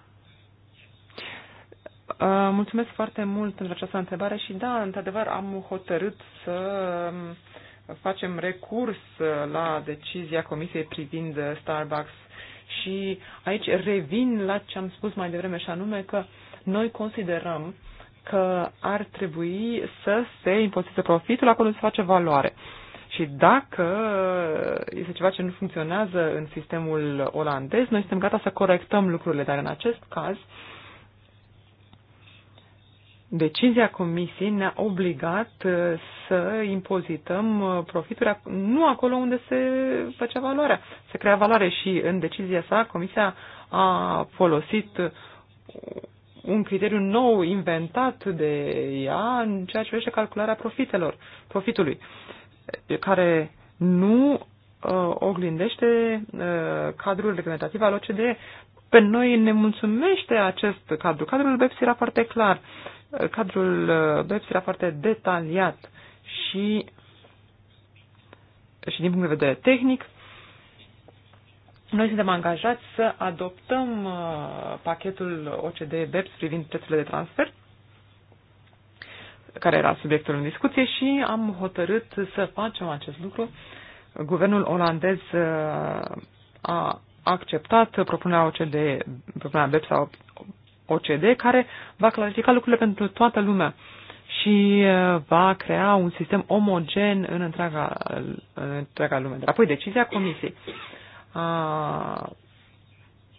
Mulțumesc foarte mult pentru această întrebare și da, într-adevăr am hotărât să um, facem recurs la decizia Comisiei privind Starbucks și aici revin la ce am spus mai devreme și anume că noi considerăm că ar trebui să se impozite profitul acolo unde se face valoare. Și dacă este ceva ce nu funcționează în sistemul olandez, noi suntem gata să corectăm lucrurile, dar în acest caz uh, decizia comisiei ne-a obligat uh, să impozităm uh, profituri nu acolo unde se făcea valoarea, se crea valoare și în decizia sa comisia a folosit uh, un criteriu nou inventat de ea în ceea ce privește calcularea profitelor, profitului, care nu uh, oglindește uh, cadrul reglementativ al OCDE. Pe noi ne mulțumește acest cadru. Cadrul BEPS era foarte clar. Uh, Cadrul uh, BEPS era foarte detaliat și, și din punct de vedere tehnic, noi suntem angajați să adoptăm uh, pachetul OCD beps privind prețurile de transfer, care era subiectul în discuție și am hotărât să facem acest lucru. Guvernul olandez uh, a acceptat propunerea OCD, propunerea BEPS a OCD care va clarifica lucrurile pentru toată lumea și uh, va crea un sistem omogen în întreaga, în întreaga lume. Apoi decizia Comisiei a,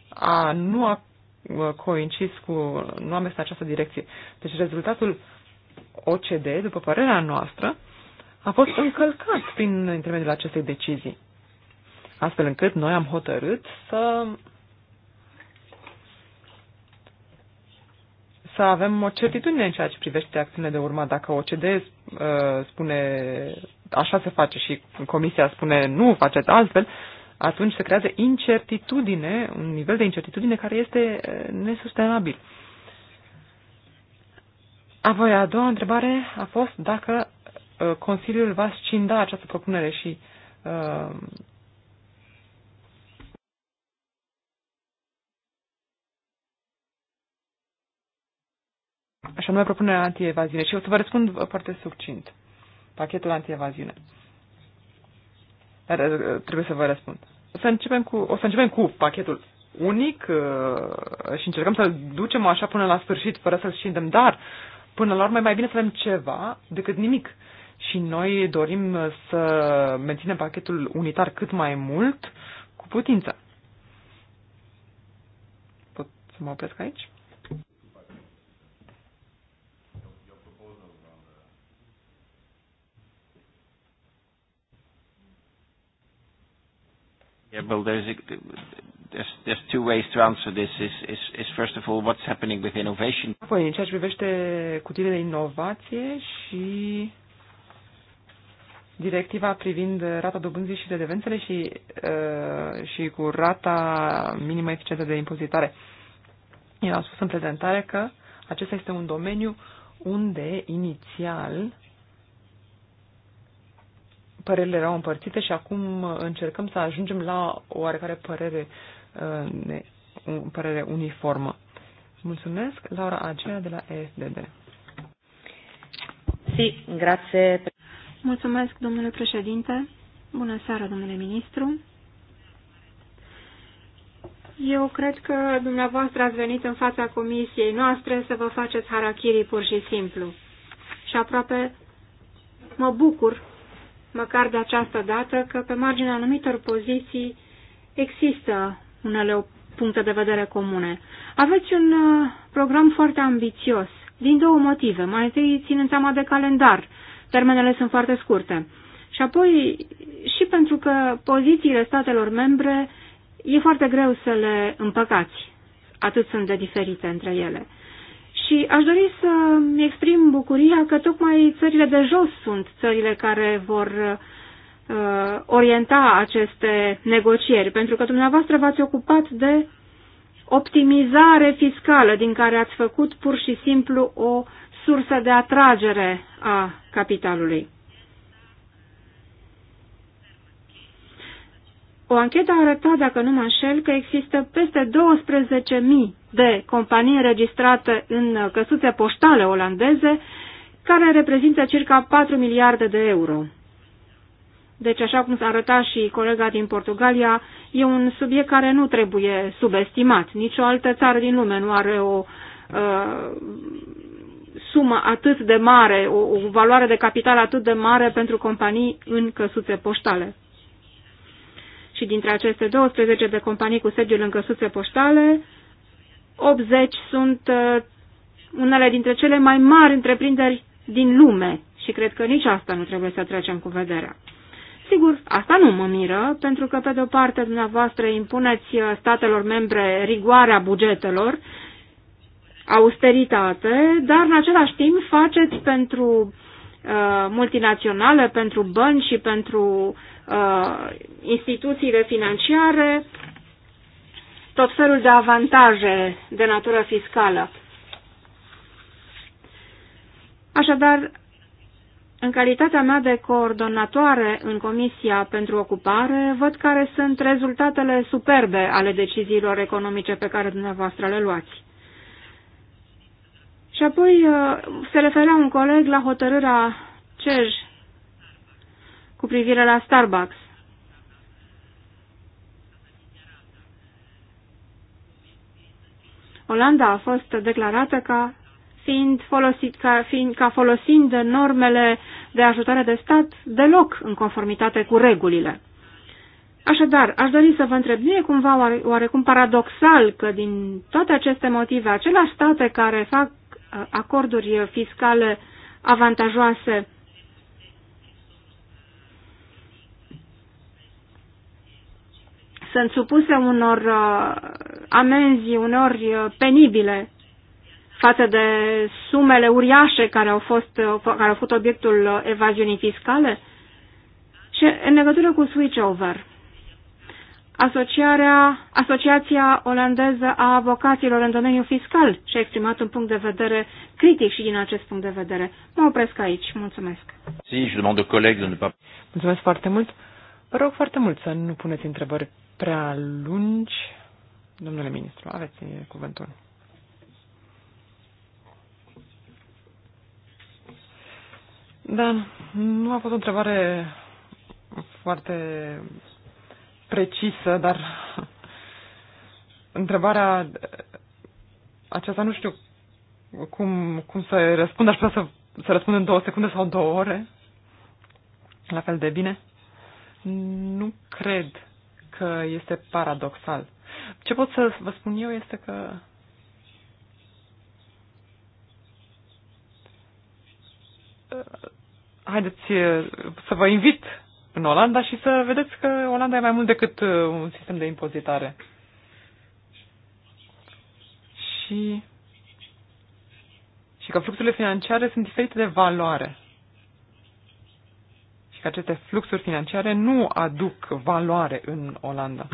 a nu a uh, coincis cu, nu a mers în această direcție. Deci rezultatul OCD, după părerea noastră, a fost încălcat prin intermediul acestei decizii. Astfel încât noi am hotărât să să avem o certitudine în ceea ce privește acțiunile de urmat. Dacă OCDE uh, spune așa se face și Comisia spune nu faceți altfel, atunci se creează incertitudine, un nivel de incertitudine care este uh, nesustenabil. Apoi, a doua întrebare a fost dacă uh, Consiliul va scinda această propunere și uh, așa nume propunerea antievaziune. Și o să vă răspund foarte succint. Pachetul antievaziune. Dar uh, trebuie să vă răspund. O să începem cu, o să începem cu pachetul unic uh, și încercăm să-l ducem așa până la sfârșit, fără să-l scindem. Dar, până la urmă, e mai bine să avem ceva decât nimic. Și noi dorim să menținem pachetul unitar cât mai mult, cu putință. Pot să mă opresc aici? Yeah, well, there's, a, there's, there's two ways to answer this. Is, is, is first of all what's happening with innovation. Apoi, în ceea ce privește cutiile de inovație și directiva privind rata dobânzii și redevențele și, uh, și cu rata minimă eficientă de impozitare. Eu am spus în prezentare că acesta este un domeniu unde inițial părerile erau împărțite și acum încercăm să ajungem la oarecare părere, uh, ne, părere uniformă. Mulțumesc, Laura Agea de la ESDD. Si, grație. Mulțumesc, domnule președinte. Bună seara, domnule ministru. Eu cred că dumneavoastră ați venit în fața comisiei noastre să vă faceți harakiri pur și simplu. Și aproape mă bucur măcar de această dată, că pe marginea anumitor poziții există unele puncte de vedere comune. Aveți un uh, program foarte ambițios, din două motive. Mai întâi ținând seama de calendar, termenele sunt foarte scurte. Și apoi și pentru că pozițiile statelor membre e foarte greu să le împăcați, atât sunt de diferite între ele. Și aș dori să exprim bucuria că tocmai țările de jos sunt țările care vor uh, orienta aceste negocieri, pentru că dumneavoastră v-ați ocupat de optimizare fiscală din care ați făcut pur și simplu o sursă de atragere a capitalului. O anchetă a arătat, dacă nu mă înșel, că există peste 12.000 de companii înregistrate în căsuțe poștale olandeze, care reprezintă circa 4 miliarde de euro. Deci, așa cum s-a arătat și colega din Portugalia, e un subiect care nu trebuie subestimat. Nici o altă țară din lume nu are o uh, sumă atât de mare, o, o valoare de capital atât de mare pentru companii în căsuțe poștale și dintre aceste 12 de companii cu sediul în căsuțe poștale, 80 sunt uh, unele dintre cele mai mari întreprinderi din lume și cred că nici asta nu trebuie să trecem cu vederea. Sigur, asta nu mă miră, pentru că, pe de-o parte, dumneavoastră impuneți uh, statelor membre rigoarea bugetelor, austeritate, dar, în același timp, faceți pentru uh, multinaționale, pentru bănci și pentru uh, instituțiile financiare, tot felul de avantaje de natură fiscală. Așadar, în calitatea mea de coordonatoare în Comisia pentru Ocupare, văd care sunt rezultatele superbe ale deciziilor economice pe care dumneavoastră le luați. Și apoi uh, se referea un coleg la hotărârea CEJ cu privire la Starbucks. Olanda a fost declarată ca fiind folosit, ca, fiind, ca folosind normele de ajutare de stat deloc în conformitate cu regulile. Așadar, aș dori să vă întreb, nu e cumva oarecum paradoxal că din toate aceste motive, aceleași state care fac uh, acorduri fiscale avantajoase sunt supuse unor uh, amenzi uneori uh, penibile față de sumele uriașe care au fost, uh, care au fost obiectul evaziunii fiscale? Și în legătură cu switchover, Asociarea, Asociația Olandeză a Avocaților în domeniul fiscal și-a exprimat un punct de vedere critic și din acest punct de vedere. Mă opresc aici. Mulțumesc. de Mulțumesc foarte mult. Vă rog foarte mult să nu puneți întrebări prea lungi. Domnule ministru, aveți cuvântul. Da, nu a fost o întrebare foarte precisă, dar întrebarea aceasta nu știu cum, cum să răspund. Aș putea să, să răspund în două secunde sau două ore. La fel de bine. Nu cred că este paradoxal. Ce pot să vă spun eu este că uh, haideți uh, să vă invit în Olanda și să vedeți că Olanda e mai mult decât uh, un sistem de impozitare. Și, și că fluxurile financiare sunt diferite de valoare și că aceste fluxuri financiare nu aduc valoare în Olanda.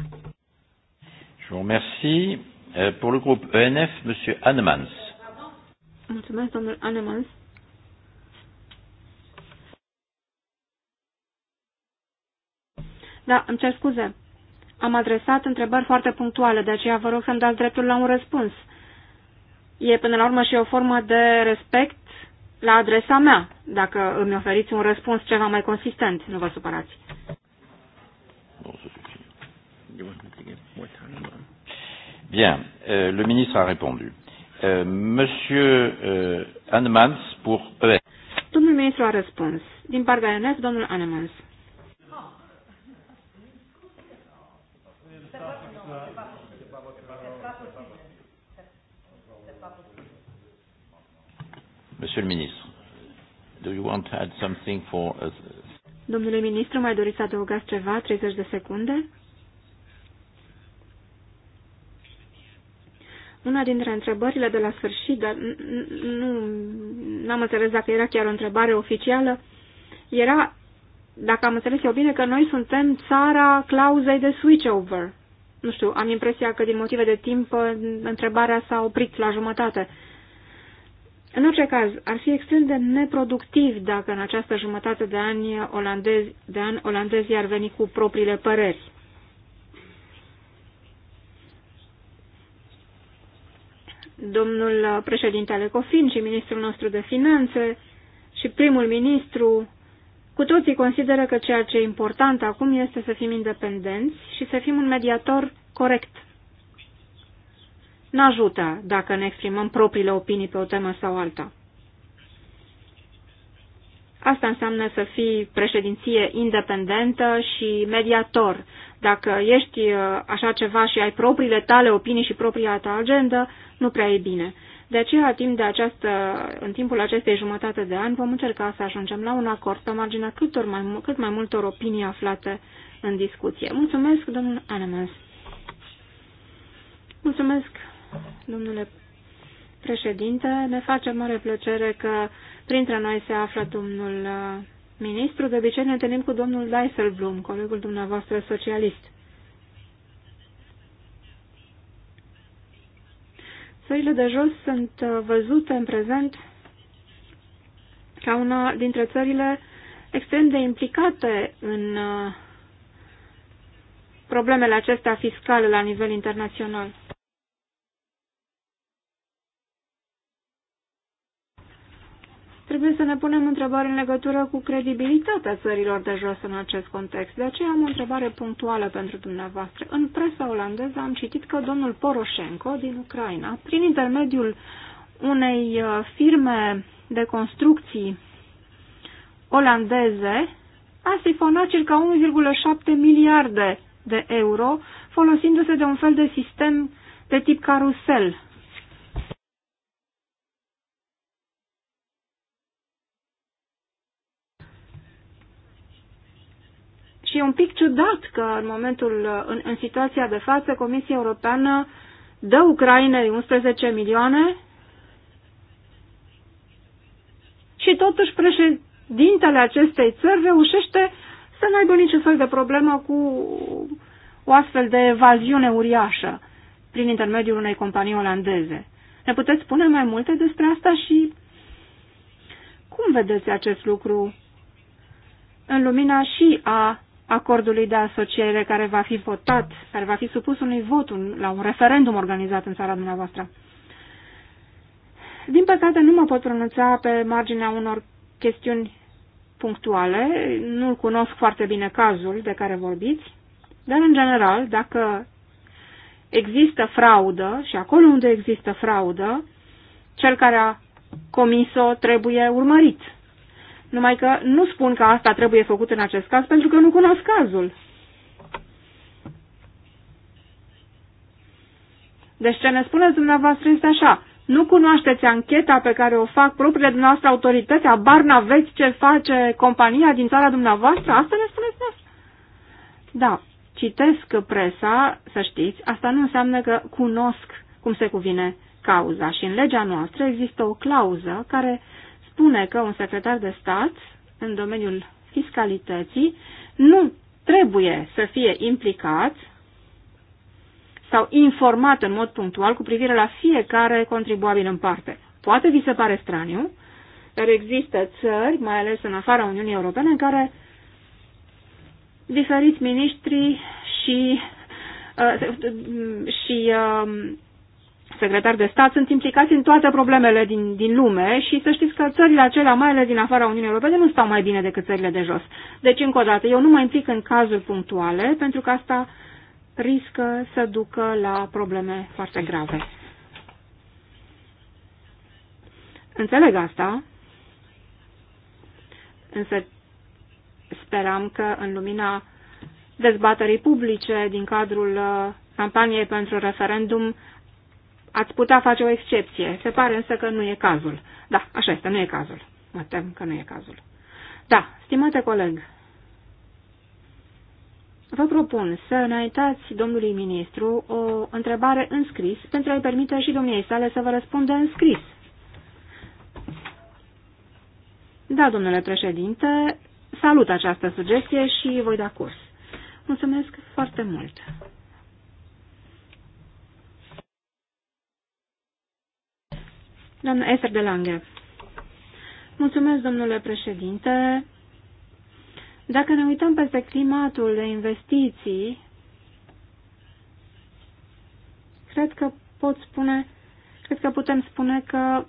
Je vous remercie. Euh, pour le groupe ENF, Monsieur Annemans. Mulțumesc, domnul Annemans. Da, îmi cer scuze. Am adresat întrebări foarte punctuale, de aceea vă rog să-mi dați dreptul la un răspuns. E până la urmă și o formă de respect la adresa mea, dacă îmi oferiți un răspuns ceva mai consistent, nu vă supărați. Bien, euh, le ministre a répondu. Euh, monsieur euh, Annemans pour ES. Domnul ministru a răspuns. Din partea ENF, domnul Annemans. Monsieur le Ministre, do you want to add something for Domnule ministru, mai doriți să adăugați ceva? 30 de secunde? Una dintre întrebările de la sfârșit, dar nu am înțeles dacă era chiar o întrebare oficială, era, dacă am înțeles eu bine, că noi suntem țara clauzei de switchover. Nu știu, am impresia că din motive de timp uh, întrebarea s-a oprit la jumătate. În orice caz, ar fi extrem de neproductiv dacă în această jumătate de ani olandezi, de an olandezii ar veni cu propriile păreri. Domnul președintele Cofin și ministrul nostru de finanțe și primul ministru, cu toții consideră că ceea ce e important acum este să fim independenți și să fim un mediator corect n-ajută dacă ne exprimăm propriile opinii pe o temă sau alta. Asta înseamnă să fii președinție independentă și mediator. Dacă ești uh, așa ceva și ai propriile tale opinii și propria ta agendă, nu prea e bine. De aceea, timp de această, în timpul acestei jumătate de ani, vom încerca să ajungem la un acord pe marginea cât mai, cât mai multor opinii aflate în discuție. Mulțumesc, domnul Anemans. Mulțumesc, Domnule președinte, ne face mare plăcere că printre noi se află domnul uh, ministru. De obicei ne întâlnim cu domnul Dijsselbloem, colegul dumneavoastră socialist. Țările de jos sunt uh, văzute în prezent ca una dintre țările extrem de implicate în uh, problemele acestea fiscale la nivel internațional. Trebuie să ne punem întrebări în legătură cu credibilitatea țărilor de jos în acest context. De aceea am o întrebare punctuală pentru dumneavoastră. În presa olandeză am citit că domnul Poroșenko din Ucraina, prin intermediul unei uh, firme de construcții olandeze, a sifonat circa 1,7 miliarde de euro folosindu-se de un fel de sistem de tip carusel, și e un pic ciudat că în momentul, în, în situația de față, Comisia Europeană dă Ucrainei 11 milioane și totuși președintele acestei țări reușește să nu aibă niciun fel de problemă cu o astfel de evaziune uriașă prin intermediul unei companii olandeze. Ne puteți spune mai multe despre asta și cum vedeți acest lucru în lumina și a acordului de asociere care va fi votat, care va fi supus unui vot, un, la un referendum organizat în țara dumneavoastră. Din păcate, nu mă pot pronunța pe marginea unor chestiuni punctuale, nu cunosc foarte bine cazul de care vorbiți, dar, în general, dacă există fraudă și acolo unde există fraudă, cel care a comis-o trebuie urmărit numai că nu spun că asta trebuie făcut în acest caz pentru că nu cunosc cazul. Deci ce ne spuneți dumneavoastră este așa. Nu cunoașteți ancheta pe care o fac propriile dumneavoastră autorități, abar n-aveți ce face compania din țara dumneavoastră? Asta ne spuneți dumneavoastră? Da, citesc presa, să știți, asta nu înseamnă că cunosc cum se cuvine cauza și în legea noastră există o clauză care spune că un secretar de stat în domeniul fiscalității nu trebuie să fie implicat sau informat în mod punctual cu privire la fiecare contribuabil în parte. Poate vi se pare straniu, dar există țări, mai ales în afara Uniunii Europene, în care diferiți miniștri și, uh, și uh, secretari de stat sunt implicați în toate problemele din, din lume și să știți că țările acelea, mai ales din afara Uniunii Europene, nu stau mai bine decât țările de jos. Deci, încă o dată, eu nu mă implic în cazuri punctuale, pentru că asta riscă să ducă la probleme foarte grave. Înțeleg asta, însă speram că în lumina dezbaterii publice din cadrul uh, campaniei pentru referendum ați putea face o excepție. Se pare însă că nu e cazul. Da, așa este, nu e cazul. Mă tem că nu e cazul. Da, stimate coleg, vă propun să înaintați domnului ministru o întrebare în scris pentru a-i permite și domniei sale să vă răspundă în scris. Da, domnule președinte, salut această sugestie și voi da curs. Mulțumesc foarte mult! Doamna Esther de Lange. Mulțumesc, domnule președinte. Dacă ne uităm peste climatul de investiții, cred că pot spune, cred că putem spune că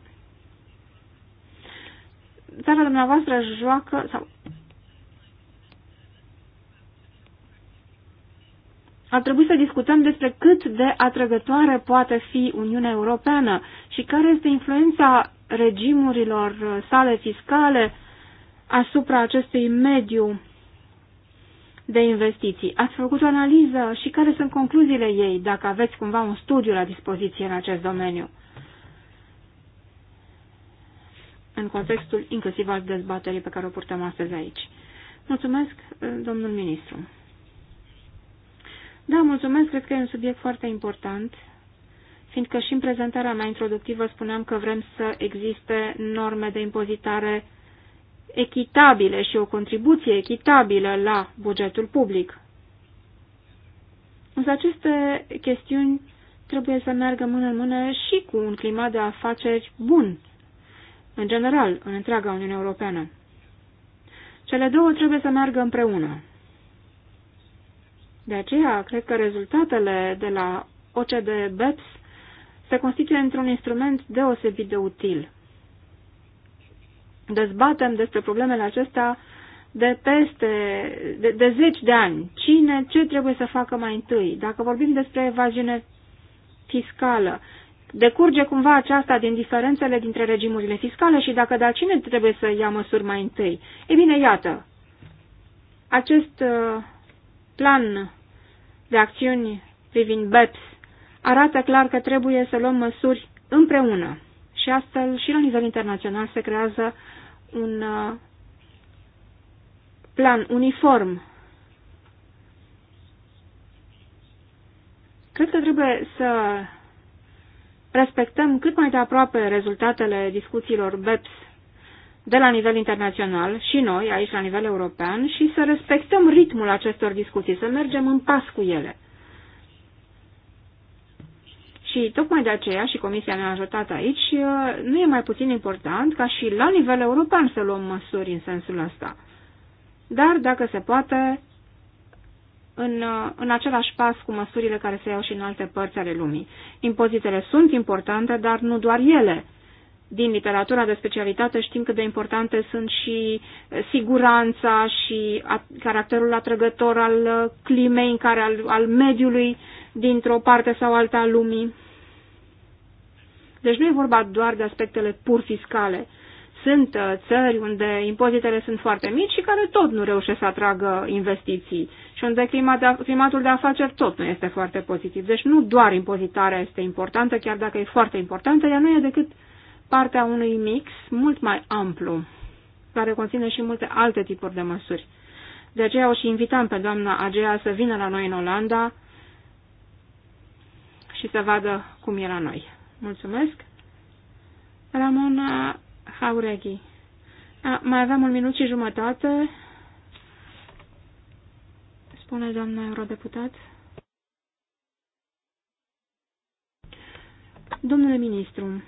țara dumneavoastră joacă, sau ar trebui să discutăm despre cât de atrăgătoare poate fi Uniunea Europeană și care este influența regimurilor sale fiscale asupra acestui mediu de investiții. Ați făcut o analiză și care sunt concluziile ei, dacă aveți cumva un studiu la dispoziție în acest domeniu, în contextul inclusiv al dezbaterii pe care o purtăm astăzi aici. Mulțumesc, domnul ministru. Da, mulțumesc, cred că e un subiect foarte important, fiindcă și în prezentarea mea introductivă spuneam că vrem să existe norme de impozitare echitabile și o contribuție echitabilă la bugetul public. Însă aceste chestiuni trebuie să meargă mână în mână și cu un climat de afaceri bun, în general, în întreaga Uniune Europeană. Cele două trebuie să meargă împreună. De aceea, cred că rezultatele de la OCDE BEPS se constituie într-un instrument deosebit de util. Dezbatem despre problemele acestea de peste, de, de zeci de ani. Cine, ce trebuie să facă mai întâi? Dacă vorbim despre evaziune fiscală, decurge cumva aceasta din diferențele dintre regimurile fiscale și dacă da, cine trebuie să ia măsuri mai întâi? E bine, iată, acest uh, plan de acțiuni privind BEPS arată clar că trebuie să luăm măsuri împreună și astfel și la nivel internațional se creează un uh, plan uniform. Cred că trebuie să respectăm cât mai de aproape rezultatele discuțiilor BEPS de la nivel internațional și noi, aici la nivel european, și să respectăm ritmul acestor discuții, să mergem în pas cu ele. Și tocmai de aceea, și Comisia ne-a ajutat aici, uh, nu e mai puțin important ca și la nivel european să luăm măsuri în sensul ăsta. Dar, dacă se poate, în, uh, în același pas cu măsurile care se iau și în alte părți ale lumii. Impozitele sunt importante, dar nu doar ele din literatura de specialitate știm cât de importante sunt și eh, siguranța și caracterul atrăgător al eh, climei, în care al, al mediului dintr-o parte sau alta a lumii. Deci nu e vorba doar de aspectele pur fiscale. Sunt eh, țări unde impozitele sunt foarte mici și care tot nu reușesc să atragă investiții și unde climatul de afaceri tot nu este foarte pozitiv. Deci nu doar impozitarea este importantă, chiar dacă e foarte importantă, ea nu e decât partea unui mix mult mai amplu, care conține și multe alte tipuri de măsuri. De aceea o și invităm pe doamna Agea să vină la noi în Olanda și să vadă cum e la noi. Mulțumesc! Ramona Haureghi. A, mai aveam un minut și jumătate. Spune doamna eurodeputat. Domnule ministru,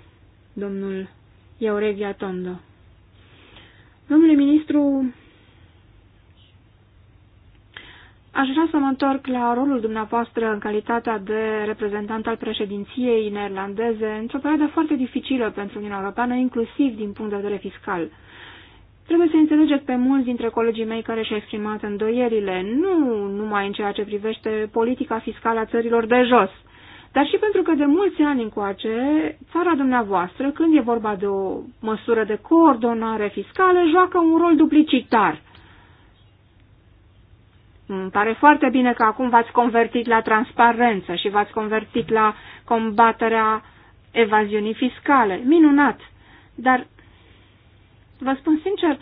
domnul Iauregia Tondo. Domnule ministru, aș vrea să mă întorc la rolul dumneavoastră în calitatea de reprezentant al președinției neerlandeze într-o perioadă foarte dificilă pentru Uniunea Europeană, inclusiv din punct de vedere fiscal. Trebuie să înțelegeți pe mulți dintre colegii mei care și-au exprimat îndoierile, nu numai în ceea ce privește politica fiscală a țărilor de jos – dar și pentru că de mulți ani încoace, țara dumneavoastră, când e vorba de o măsură de coordonare fiscală, joacă un rol duplicitar. Îmi pare foarte bine că acum v-ați convertit la transparență și v-ați convertit la combaterea evaziunii fiscale. Minunat! Dar vă spun sincer,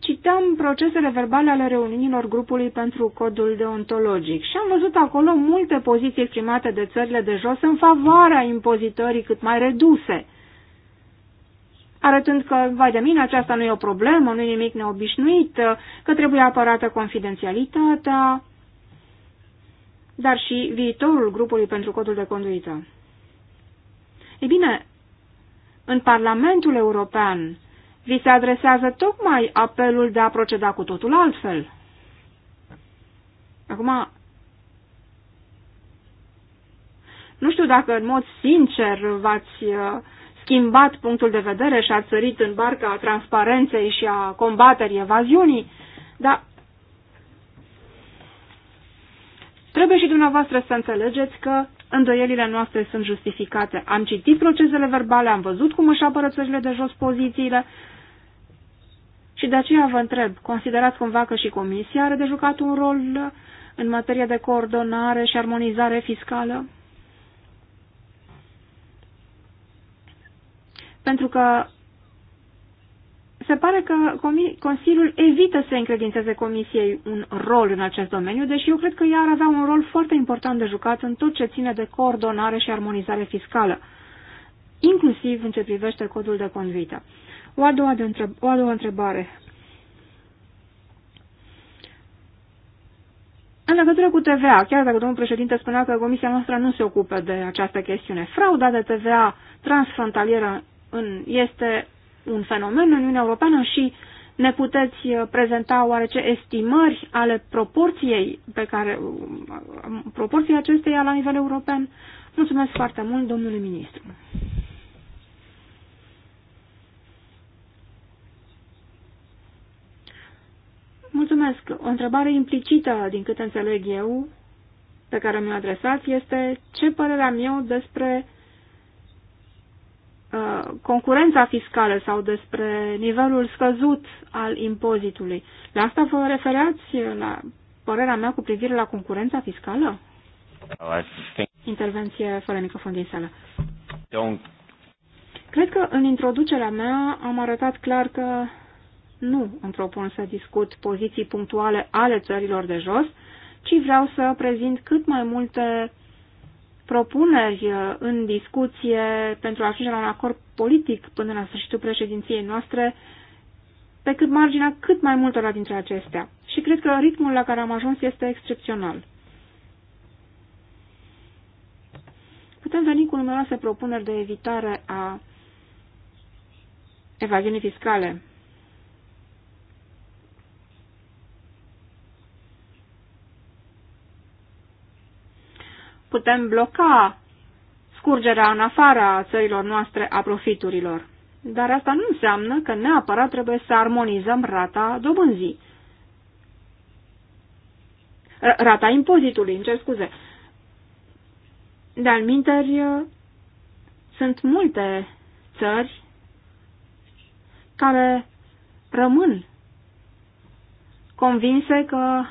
Citeam procesele verbale ale reuniunilor grupului pentru codul deontologic și am văzut acolo multe poziții exprimate de țările de jos în favoarea impozitării cât mai reduse, arătând că, vai de mine, aceasta nu e o problemă, nu e nimic neobișnuit, că trebuie apărată confidențialitatea, dar și viitorul grupului pentru codul de conduită. Ei bine, în Parlamentul European, vi se adresează tocmai apelul de a proceda cu totul altfel. Acum, nu știu dacă în mod sincer v-ați uh, schimbat punctul de vedere și ați sărit în barca transparenței și a combaterii evaziunii, dar Trebuie și dumneavoastră să înțelegeți că îndoielile noastre sunt justificate. Am citit procesele verbale, am văzut cum își apără țările de jos pozițiile, și de aceea vă întreb, considerați cumva că și Comisia are de jucat un rol în materie de coordonare și armonizare fiscală? Pentru că se pare că Consiliul evită să încredințeze Comisiei un rol în acest domeniu, deși eu cred că ea ar avea un rol foarte important de jucat în tot ce ține de coordonare și armonizare fiscală, inclusiv în ce privește codul de conduită. O a doua, de întreb o a doua întrebare. În legătură cu TVA, chiar dacă domnul președinte spunea că comisia noastră nu se ocupă de această chestiune, frauda de TVA transfrontalieră în, este un fenomen în Uniunea Europeană și ne puteți uh, prezenta oarece estimări ale proporției pe care, um, proporția acesteia la nivel european? Mulțumesc foarte mult, domnule ministru. Mulțumesc. O întrebare implicită, din câte înțeleg eu, pe care mi-o adresați, este ce părere am eu despre uh, concurența fiscală sau despre nivelul scăzut al impozitului. La asta vă refereați, la părerea mea cu privire la concurența fiscală? Intervenție fără microfon din sală. Cred că în introducerea mea am arătat clar că nu îmi propun să discut poziții punctuale ale țărilor de jos, ci vreau să prezint cât mai multe propuneri uh, în discuție pentru a ajunge la un acord politic până la sfârșitul președinției noastre, pe cât marginea cât mai multora dintre acestea. Și cred că ritmul la care am ajuns este excepțional. Putem veni cu numeroase propuneri de evitare a evaziunii fiscale, putem bloca scurgerea în afara țărilor noastre a profiturilor. Dar asta nu înseamnă că neapărat trebuie să armonizăm rata dobânzii. Rata impozitului, încerc scuze. De-al sunt multe țări care rămân convinse că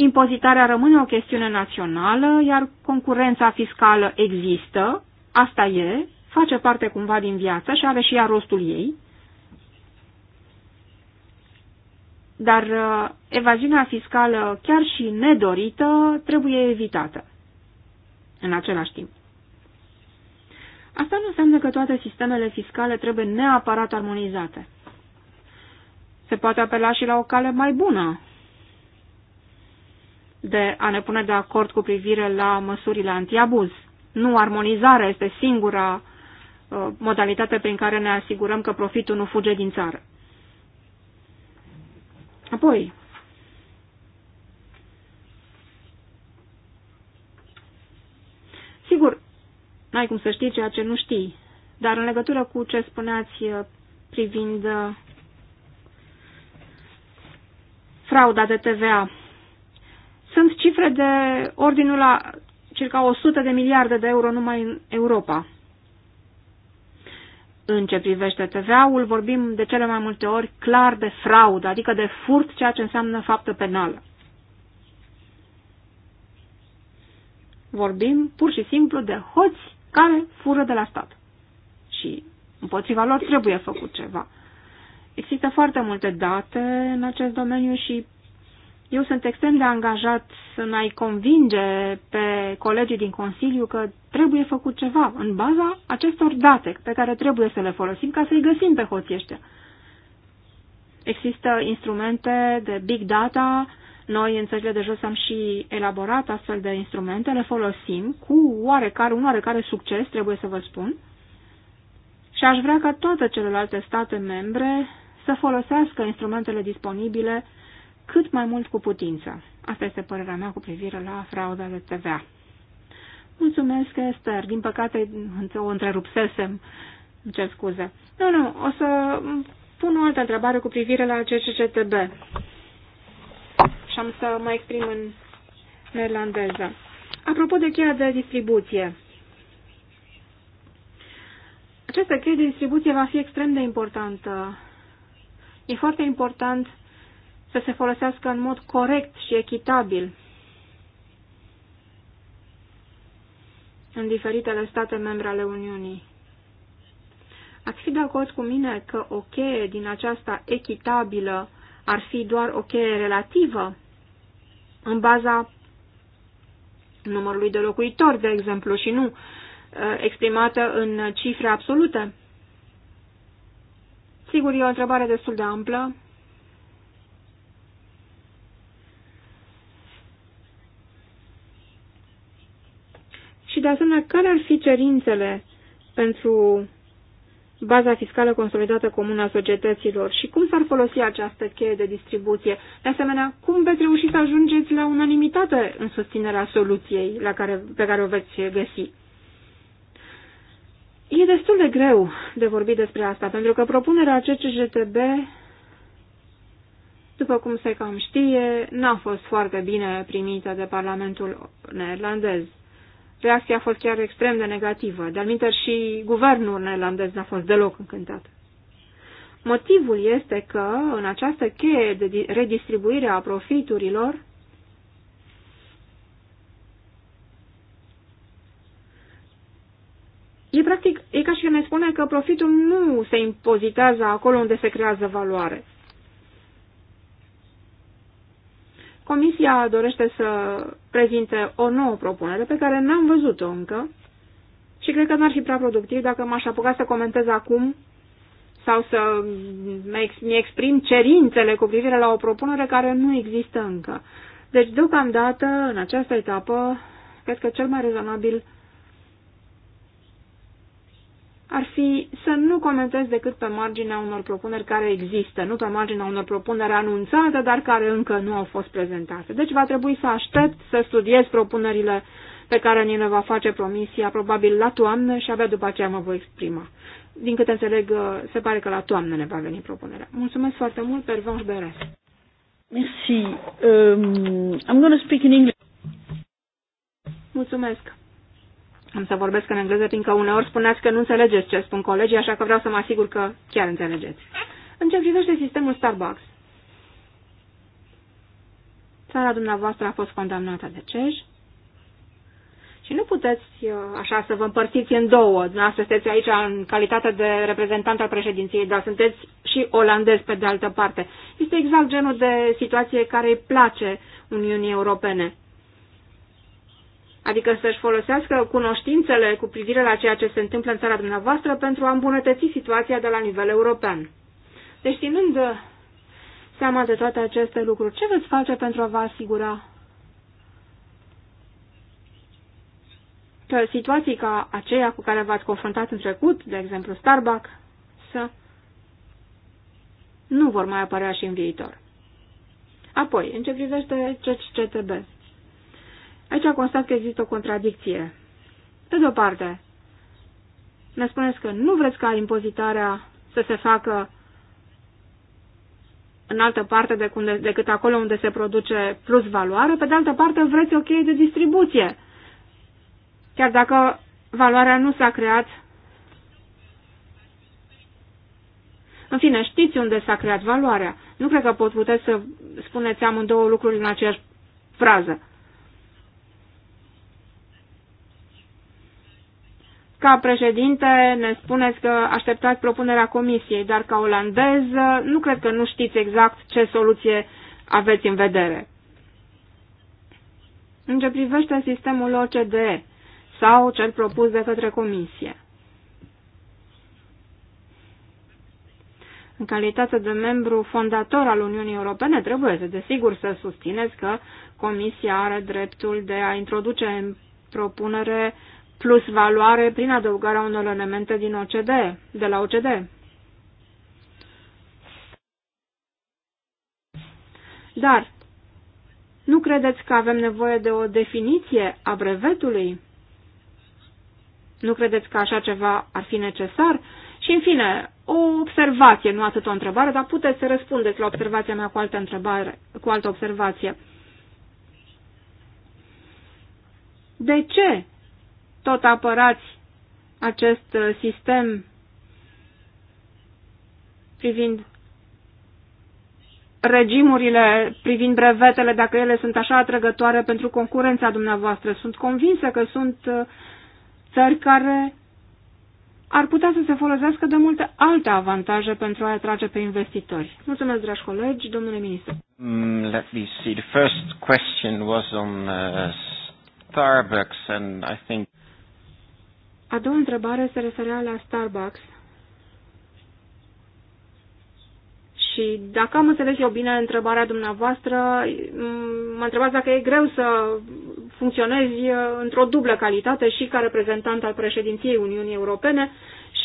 Impozitarea rămâne o chestiune națională, iar concurența fiscală există, asta e, face parte cumva din viață și are și ea rostul ei. Dar uh, evaziunea fiscală, chiar și nedorită, trebuie evitată în același timp. Asta nu înseamnă că toate sistemele fiscale trebuie neapărat armonizate. Se poate apela și la o cale mai bună, de a ne pune de acord cu privire la măsurile antiabuz. Nu armonizarea este singura uh, modalitate prin care ne asigurăm că profitul nu fuge din țară. Apoi, sigur, n-ai cum să știi ceea ce nu știi, dar în legătură cu ce spuneați uh, privind uh, frauda de TVA, sunt cifre de ordinul la circa 100 de miliarde de euro numai în Europa. În ce privește TVA-ul, vorbim de cele mai multe ori clar de fraudă, adică de furt, ceea ce înseamnă faptă penală. Vorbim pur și simplu de hoți care fură de la stat. Și împotriva lor trebuie făcut ceva. Există foarte multe date în acest domeniu și eu sunt extrem de angajat să a convinge pe colegii din Consiliu că trebuie făcut ceva în baza acestor date pe care trebuie să le folosim ca să-i găsim pe ăștia. Există instrumente de big data, noi în țările de jos am și elaborat astfel de instrumente, le folosim cu oarecare, un oarecare succes, trebuie să vă spun, și aș vrea ca toate celelalte state membre să folosească instrumentele disponibile cât mai mult cu putință. Asta este părerea mea cu privire la frauda de TVA. Mulțumesc, Esther. Din păcate, o întrerupsesem. Îmi cer scuze. Nu, nu, o să pun o altă întrebare cu privire la CCCTB. Și am să mă exprim în neerlandeză. Apropo de cheia de distribuție, această cheie de distribuție va fi extrem de importantă. E foarte important să se folosească în mod corect și echitabil în diferitele state membre ale Uniunii. Ați fi de acord cu mine că o cheie din aceasta echitabilă ar fi doar o cheie relativă, în baza numărului de locuitori, de exemplu, și nu ă, exprimată în cifre absolute? Sigur, e o întrebare destul de amplă, și, de asemenea, care ar fi cerințele pentru baza fiscală consolidată comună a societăților și cum s-ar folosi această cheie de distribuție. De asemenea, cum veți reuși să ajungeți la unanimitate în susținerea soluției la care, pe care o veți găsi? E destul de greu de vorbit despre asta, pentru că propunerea CCJTB, după cum se cam știe, n-a fost foarte bine primită de Parlamentul neerlandez reacția a fost chiar extrem de negativă. De-al minter și guvernul neerlandez n-a fost deloc încântat. Motivul este că în această cheie de redistribuire a profiturilor E practic, e ca și când ne spune că profitul nu se impozitează acolo unde se creează valoare. Comisia dorește să prezinte o nouă propunere pe care n-am văzut-o încă și cred că n-ar fi prea productiv dacă m-aș apuca să comentez acum sau să mi exprim cerințele cu privire la o propunere care nu există încă. Deci, deocamdată, în această etapă, cred că cel mai rezonabil ar fi să nu comentez decât pe marginea unor propuneri care există, nu pe marginea unor propuneri anunțate, dar care încă nu au fost prezentate. Deci va trebui să aștept să studiez propunerile pe care ni le va face promisia, probabil la toamnă și abia după aceea mă voi exprima. Din câte înțeleg, uh, se pare că la toamnă ne va veni propunerea. Mulțumesc foarte mult, Pervanș Beres. Merci. Um, I'm going to speak in English. Mulțumesc. Am să vorbesc în engleză, fiindcă uneori spuneați că nu înțelegeți ce spun colegii, așa că vreau să mă asigur că chiar înțelegeți. În ce privește sistemul Starbucks? Țara dumneavoastră a fost condamnată de cej și nu puteți uh, așa să vă împărțiți în două. Dumneavoastră sunteți aici în calitate de reprezentant al președinției, dar sunteți și olandez pe de altă parte. Este exact genul de situație care îi place Uniunii Europene adică să-și folosească cunoștințele cu privire la ceea ce se întâmplă în țara dumneavoastră pentru a îmbunătăți situația de la nivel european. Deci, ținând seama de toate aceste lucruri, ce veți face pentru a vă asigura că situații ca aceea cu care v-ați confruntat în trecut, de exemplu Starbucks, să nu vor mai apărea și în viitor. Apoi, în ce privește CCTB, Aici constat că există o contradicție. Pe de o parte, ne spuneți că nu vreți ca impozitarea să se facă în altă parte decât acolo unde se produce plus valoare, pe de altă parte vreți o cheie de distribuție. Chiar dacă valoarea nu s-a creat În fine, știți unde s-a creat valoarea. Nu cred că pot puteți să spuneți amândouă lucruri în aceeași frază. Ca președinte ne spuneți că așteptați propunerea comisiei, dar ca olandez nu cred că nu știți exact ce soluție aveți în vedere. În ce privește sistemul OCDE sau cel propus de către comisie. În calitate de membru fondator al Uniunii Europene, trebuie să desigur să susțineți că Comisia are dreptul de a introduce în propunere plus valoare prin adăugarea unor elemente din OCD, de la OCD. Dar nu credeți că avem nevoie de o definiție a brevetului? Nu credeți că așa ceva ar fi necesar? Și, în fine, o observație, nu atât o întrebare, dar puteți să răspundeți la observația mea cu altă, întrebare, cu altă observație. De ce tot apărați acest uh, sistem privind regimurile, privind brevetele, dacă ele sunt așa atrăgătoare pentru concurența dumneavoastră. Sunt convinsă că sunt uh, țări care ar putea să se folosească de multe alte avantaje pentru a atrage pe investitori. Mulțumesc, dragi colegi, domnule ministru. Mm, let me see. The first question was on uh, Starbucks and I think a doua întrebare se referea la Starbucks. Și dacă am înțeles eu bine întrebarea dumneavoastră, mă întrebați dacă e greu să funcționezi uh, într-o dublă calitate și ca reprezentant al președinției Uniunii Europene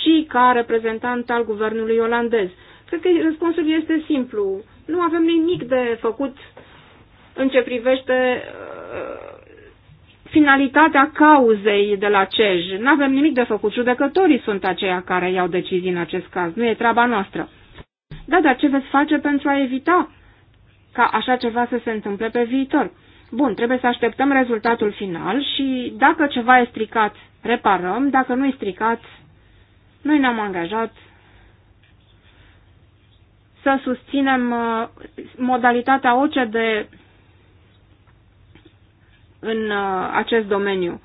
și ca reprezentant al guvernului olandez. Cred că răspunsul este simplu. Nu avem nimic de făcut în ce privește uh, finalitatea cauzei de la CEJ. Nu avem nimic de făcut. Judecătorii sunt aceia care iau decizii în acest caz. Nu e treaba noastră. Da, dar ce veți face pentru a evita ca așa ceva să se întâmple pe viitor? Bun, trebuie să așteptăm rezultatul final și dacă ceva e stricat, reparăm. Dacă nu e stricat, noi ne-am angajat să susținem uh, modalitatea OCE de în uh, acest domeniu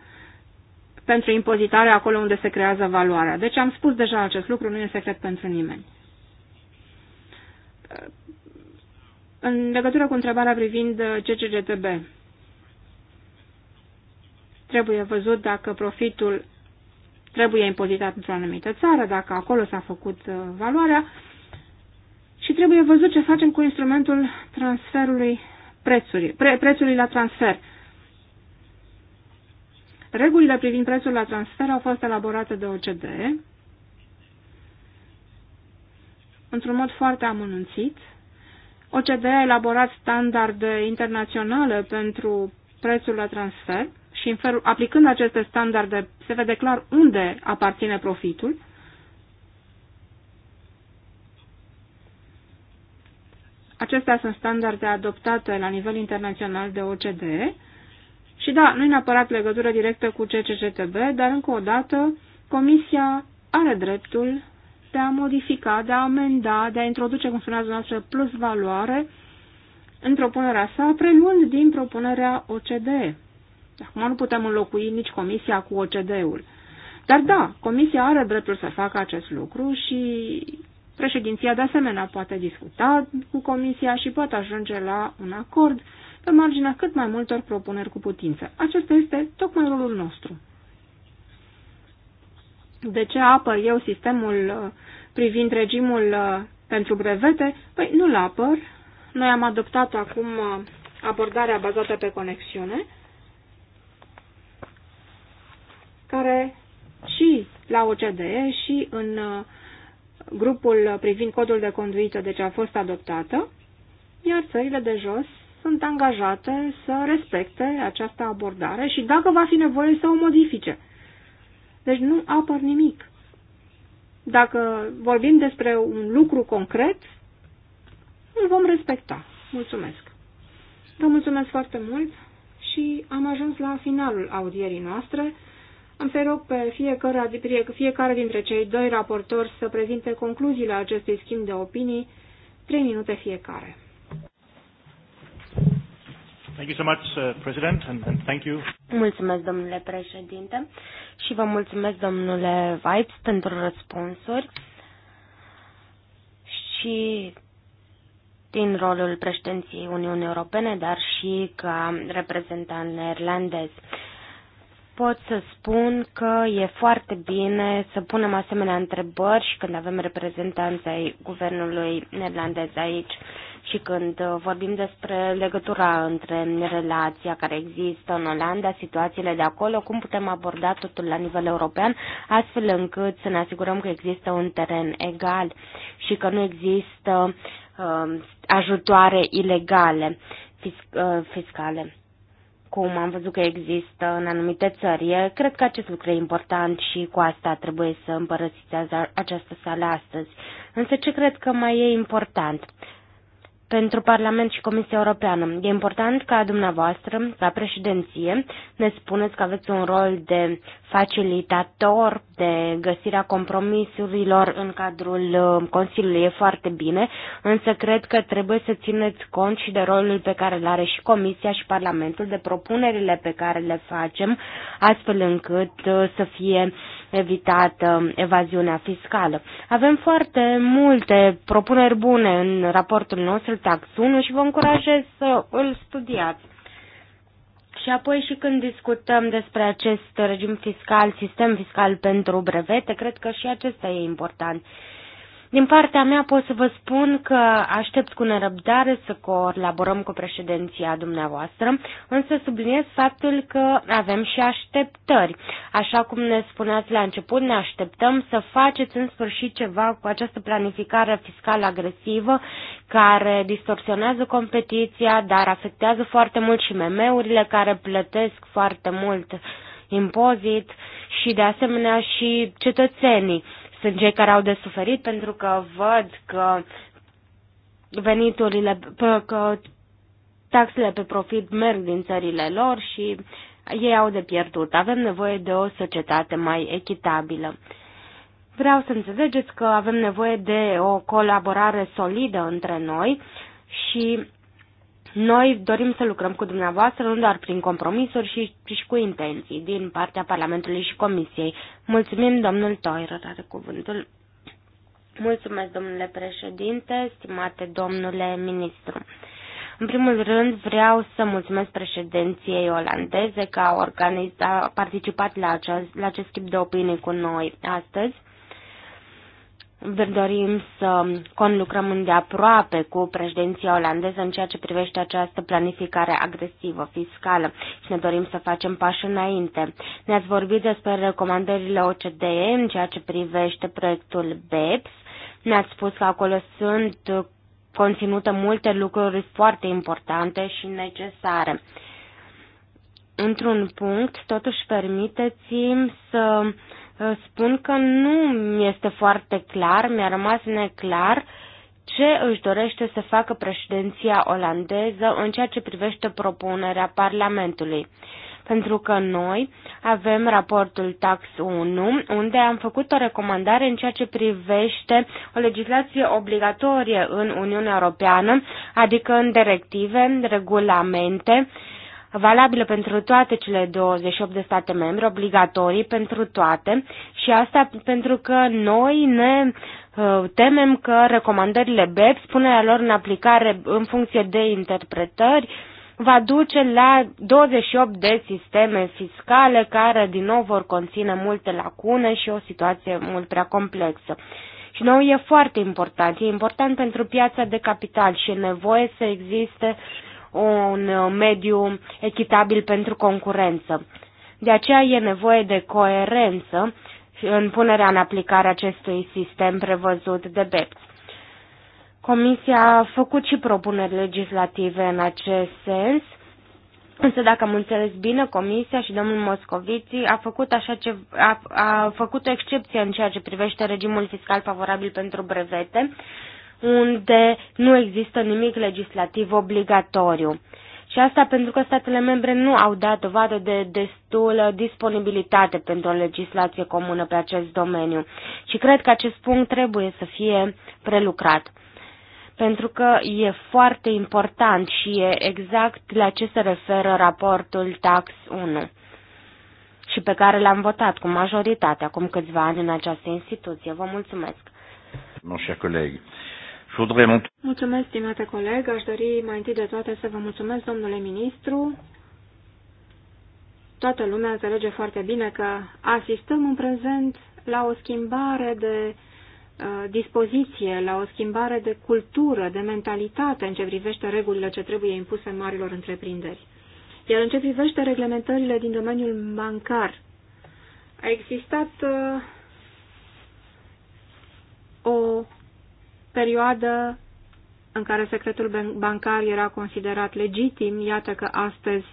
pentru impozitare acolo unde se creează valoarea. Deci am spus deja acest lucru, nu e secret pentru nimeni. Uh, în legătură cu întrebarea privind uh, CCGTB, trebuie văzut dacă profitul trebuie impozitat într-o anumită țară, dacă acolo s-a făcut valoarea și trebuie văzut ce facem cu instrumentul transferului prețului, pre, prețului la transfer. Regulile privind prețul la transfer au fost elaborate de OCDE într-un mod foarte amănunțit. OCDE a elaborat standarde internaționale pentru prețul la transfer și în felul, aplicând aceste standarde se vede clar unde aparține profitul. Acestea sunt standarde adoptate la nivel internațional de OCDE și da, nu i neapărat legătură directă cu CCCTB, dar încă o dată Comisia are dreptul de a modifica, de a amenda, de a introduce, cum spunea dumneavoastră, plus valoare în propunerea sa, preluând din propunerea OCDE. Acum nu putem înlocui nici Comisia cu OCDE-ul. Dar da, Comisia are dreptul să facă acest lucru și președinția de asemenea poate discuta cu Comisia și poate ajunge la un acord pe marginea cât mai multor propuneri cu putință. Acesta este tocmai rolul nostru. De ce apăr eu sistemul uh, privind regimul uh, pentru brevete? Păi nu-l apăr. Noi am adoptat acum uh, abordarea bazată pe conexiune, care și la OCDE și în grupul privind codul de conduită, deci a fost adoptată, iar țările de jos sunt angajate să respecte această abordare și dacă va fi nevoie să o modifice. Deci nu apăr nimic. Dacă vorbim despre un lucru concret, îl vom respecta. Mulțumesc. Vă mulțumesc foarte mult și am ajuns la finalul audierii noastre. Am să rog pe fiecare, fiecare dintre cei doi raportori să prezinte concluziile acestui schimb de opinii, trei minute fiecare. Thank you so much, uh, President, and, and thank you. Mulțumesc, domnule președinte, și vă mulțumesc, domnule Vibes, pentru răspunsuri. Și din rolul președinției Uniunii Europene, dar și ca reprezentant neerlandez. Pot să spun că e foarte bine să punem asemenea întrebări și când avem reprezentanța guvernului neerlandez aici. Și când uh, vorbim despre legătura între relația care există în Olanda, situațiile de acolo, cum putem aborda totul la nivel european, astfel încât să ne asigurăm că există un teren egal și că nu există uh, ajutoare ilegale fisc- uh, fiscale cum am văzut că există în anumite țări. cred că acest lucru e important și cu asta trebuie să împărăsiți această sală astăzi. Însă ce cred că mai e important? pentru Parlament și Comisia Europeană. E important ca dumneavoastră, ca președinție, ne spuneți că aveți un rol de facilitator, de găsirea compromisurilor în cadrul uh, Consiliului. E foarte bine, însă cred că trebuie să țineți cont și de rolul pe care îl are și Comisia și Parlamentul, de propunerile pe care le facem, astfel încât uh, să fie uh, evitat um, evaziunea fiscală. Avem foarte multe propuneri bune în raportul nostru Tax 1 și vă încurajez să îl studiați. Și apoi și când discutăm despre acest regim fiscal, sistem fiscal pentru brevete, cred că și acesta e important. Din partea mea pot să vă spun că aștept cu nerăbdare să colaborăm cu președinția dumneavoastră, însă subliniez faptul că avem și așteptări. Așa cum ne spuneați la început, ne așteptăm să faceți în sfârșit ceva cu această planificare fiscală agresivă care distorsionează competiția, dar afectează foarte mult și MM-urile care plătesc foarte mult impozit și de asemenea și cetățenii sunt cei care au de suferit pentru că văd că veniturile, că taxele pe profit merg din țările lor și ei au de pierdut. Avem nevoie de o societate mai echitabilă. Vreau să înțelegeți că avem nevoie de o colaborare solidă între noi și noi dorim să lucrăm cu dumneavoastră nu doar prin compromisuri, ci și cu intenții din partea Parlamentului și Comisiei. Mulțumim, domnul Toirer, are cuvântul. Mulțumesc, domnule președinte, stimate domnule ministru. În primul rând, vreau să mulțumesc președinției olandeze că a, organizat, a participat la acest, la acest tip de opinii cu noi astăzi dorim să conlucrăm îndeaproape cu președinția olandeză în ceea ce privește această planificare agresivă fiscală și ne dorim să facem pași înainte. Ne-ați vorbit despre recomandările OCDE în ceea ce privește proiectul BEPS. Ne-ați spus că acolo sunt conținute multe lucruri foarte importante și necesare. Într-un punct, totuși permiteți-mi să uh, Uh, spun că nu mi este foarte clar, mi-a rămas neclar ce își dorește să facă președinția olandeză în ceea ce privește propunerea Parlamentului. Pentru că noi avem raportul Tax 1, unde am făcut o recomandare în ceea ce privește o legislație obligatorie în Uniunea Europeană, adică în directive, regulamente, uh, valabilă pentru toate cele 28 de state membre, obligatorii pentru toate și asta pentru că noi ne uh, temem că recomandările BEPS, punerea lor în aplicare în funcție de interpretări, va duce la 28 de sisteme fiscale care din nou vor conține multe lacune și o situație mult prea complexă. Și nou e foarte important, e important pentru piața de capital și e nevoie să existe uh, un uh, mediu echitabil pentru concurență. De aceea e nevoie de coerență în punerea în aplicare acestui sistem prevăzut de BEPS. Comisia a făcut și propuneri legislative în acest sens, însă dacă am înțeles bine, Comisia și domnul Moscovici a făcut, așa ce, a, a făcut o excepție în ceea ce privește regimul fiscal favorabil pentru brevete unde nu există nimic legislativ obligatoriu. Și asta pentru că statele membre nu au dat dovadă de destulă disponibilitate pentru o legislație comună pe acest domeniu. Și cred că acest punct trebuie să fie prelucrat. Pentru că e foarte important și e exact la ce se referă raportul Tax 1 și pe care l-am votat cu majoritate acum câțiva ani în această instituție. Vă mulțumesc. Mon cher Mulțumesc, stimate coleg. Aș dori mai întâi de toate să vă mulțumesc, domnule ministru. Toată lumea înțelege foarte bine că asistăm în prezent la o schimbare de uh, dispoziție, la o schimbare de cultură, de mentalitate în ce privește regulile ce trebuie impuse marilor întreprinderi. Iar în ce privește reglementările din domeniul bancar, a existat uh, o perioadă în care secretul bancar era considerat legitim, iată că astăzi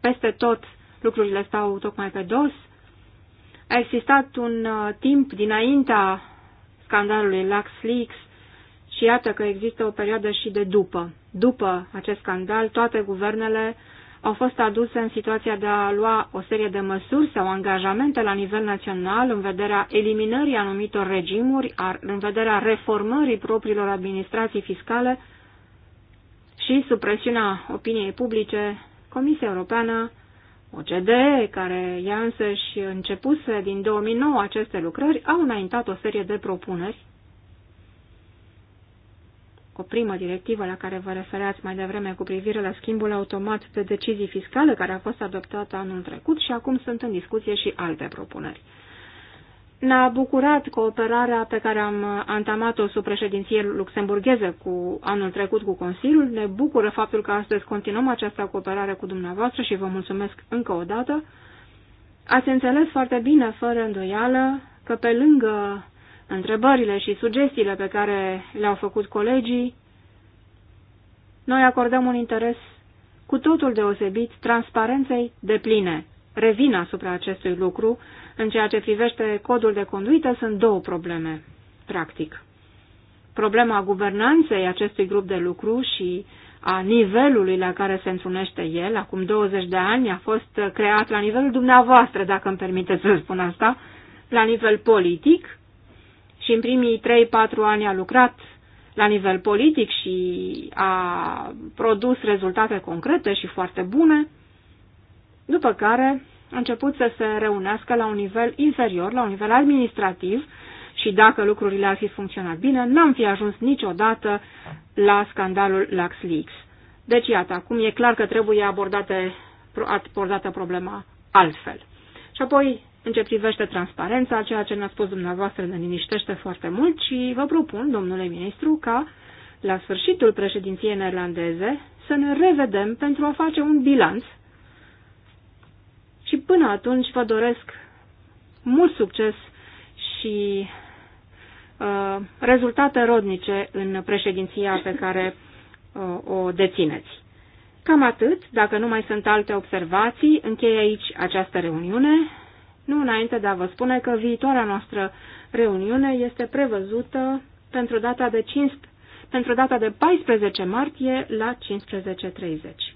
peste tot lucrurile stau tocmai pe dos. A existat un uh, timp dinaintea scandalului LuxLeaks și iată că există o perioadă și de după. După acest scandal, toate guvernele au fost aduse în situația de a lua o serie de măsuri sau angajamente la nivel național în vederea eliminării anumitor regimuri, în vederea reformării propriilor administrații fiscale și, sub presiunea opiniei publice, Comisia Europeană, OCDE, care ea însăși începuse din 2009 aceste lucrări, au înaintat o serie de propuneri cu prima directivă la care vă refereați mai devreme cu privire la schimbul automat de decizii fiscale care a fost adoptată anul trecut și acum sunt în discuție și alte propuneri. Ne-a bucurat cooperarea pe care am antamat-o sub președinție luxemburgheză cu anul trecut cu Consiliul. Ne bucură faptul că astăzi continuăm această cooperare cu dumneavoastră și vă mulțumesc încă o dată. Ați înțeles foarte bine, fără îndoială, că pe lângă întrebările și sugestiile pe care le-au făcut colegii, noi acordăm un interes cu totul deosebit transparenței de pline. Revin asupra acestui lucru, în ceea ce privește codul de conduită sunt două probleme, practic. Problema guvernanței acestui grup de lucru și a nivelului la care se întrunește el, acum 20 de ani, a fost creat la nivelul dumneavoastră, dacă îmi permiteți să spun asta, la nivel politic, și în primii 3-4 ani a lucrat la nivel politic și a produs rezultate concrete și foarte bune, după care a început să se reunească la un nivel inferior, la un nivel administrativ și dacă lucrurile ar fi funcționat bine, n-am fi ajuns niciodată la scandalul LaxLeaks. Deci, iată, acum e clar că trebuie abordată problema altfel. Și apoi, în ce privește transparența, ceea ce ne-a spus dumneavoastră ne liniștește foarte mult și vă propun, domnule ministru, ca la sfârșitul președinției neerlandeze să ne revedem pentru a face un bilanț și până atunci vă doresc mult succes și uh, rezultate rodnice în președinția pe care uh, o dețineți. Cam atât, dacă nu mai sunt alte observații, închei aici această reuniune nu înainte de a vă spune că viitoarea noastră reuniune este prevăzută pentru data de, 5, pentru data de 14 martie la 15.30.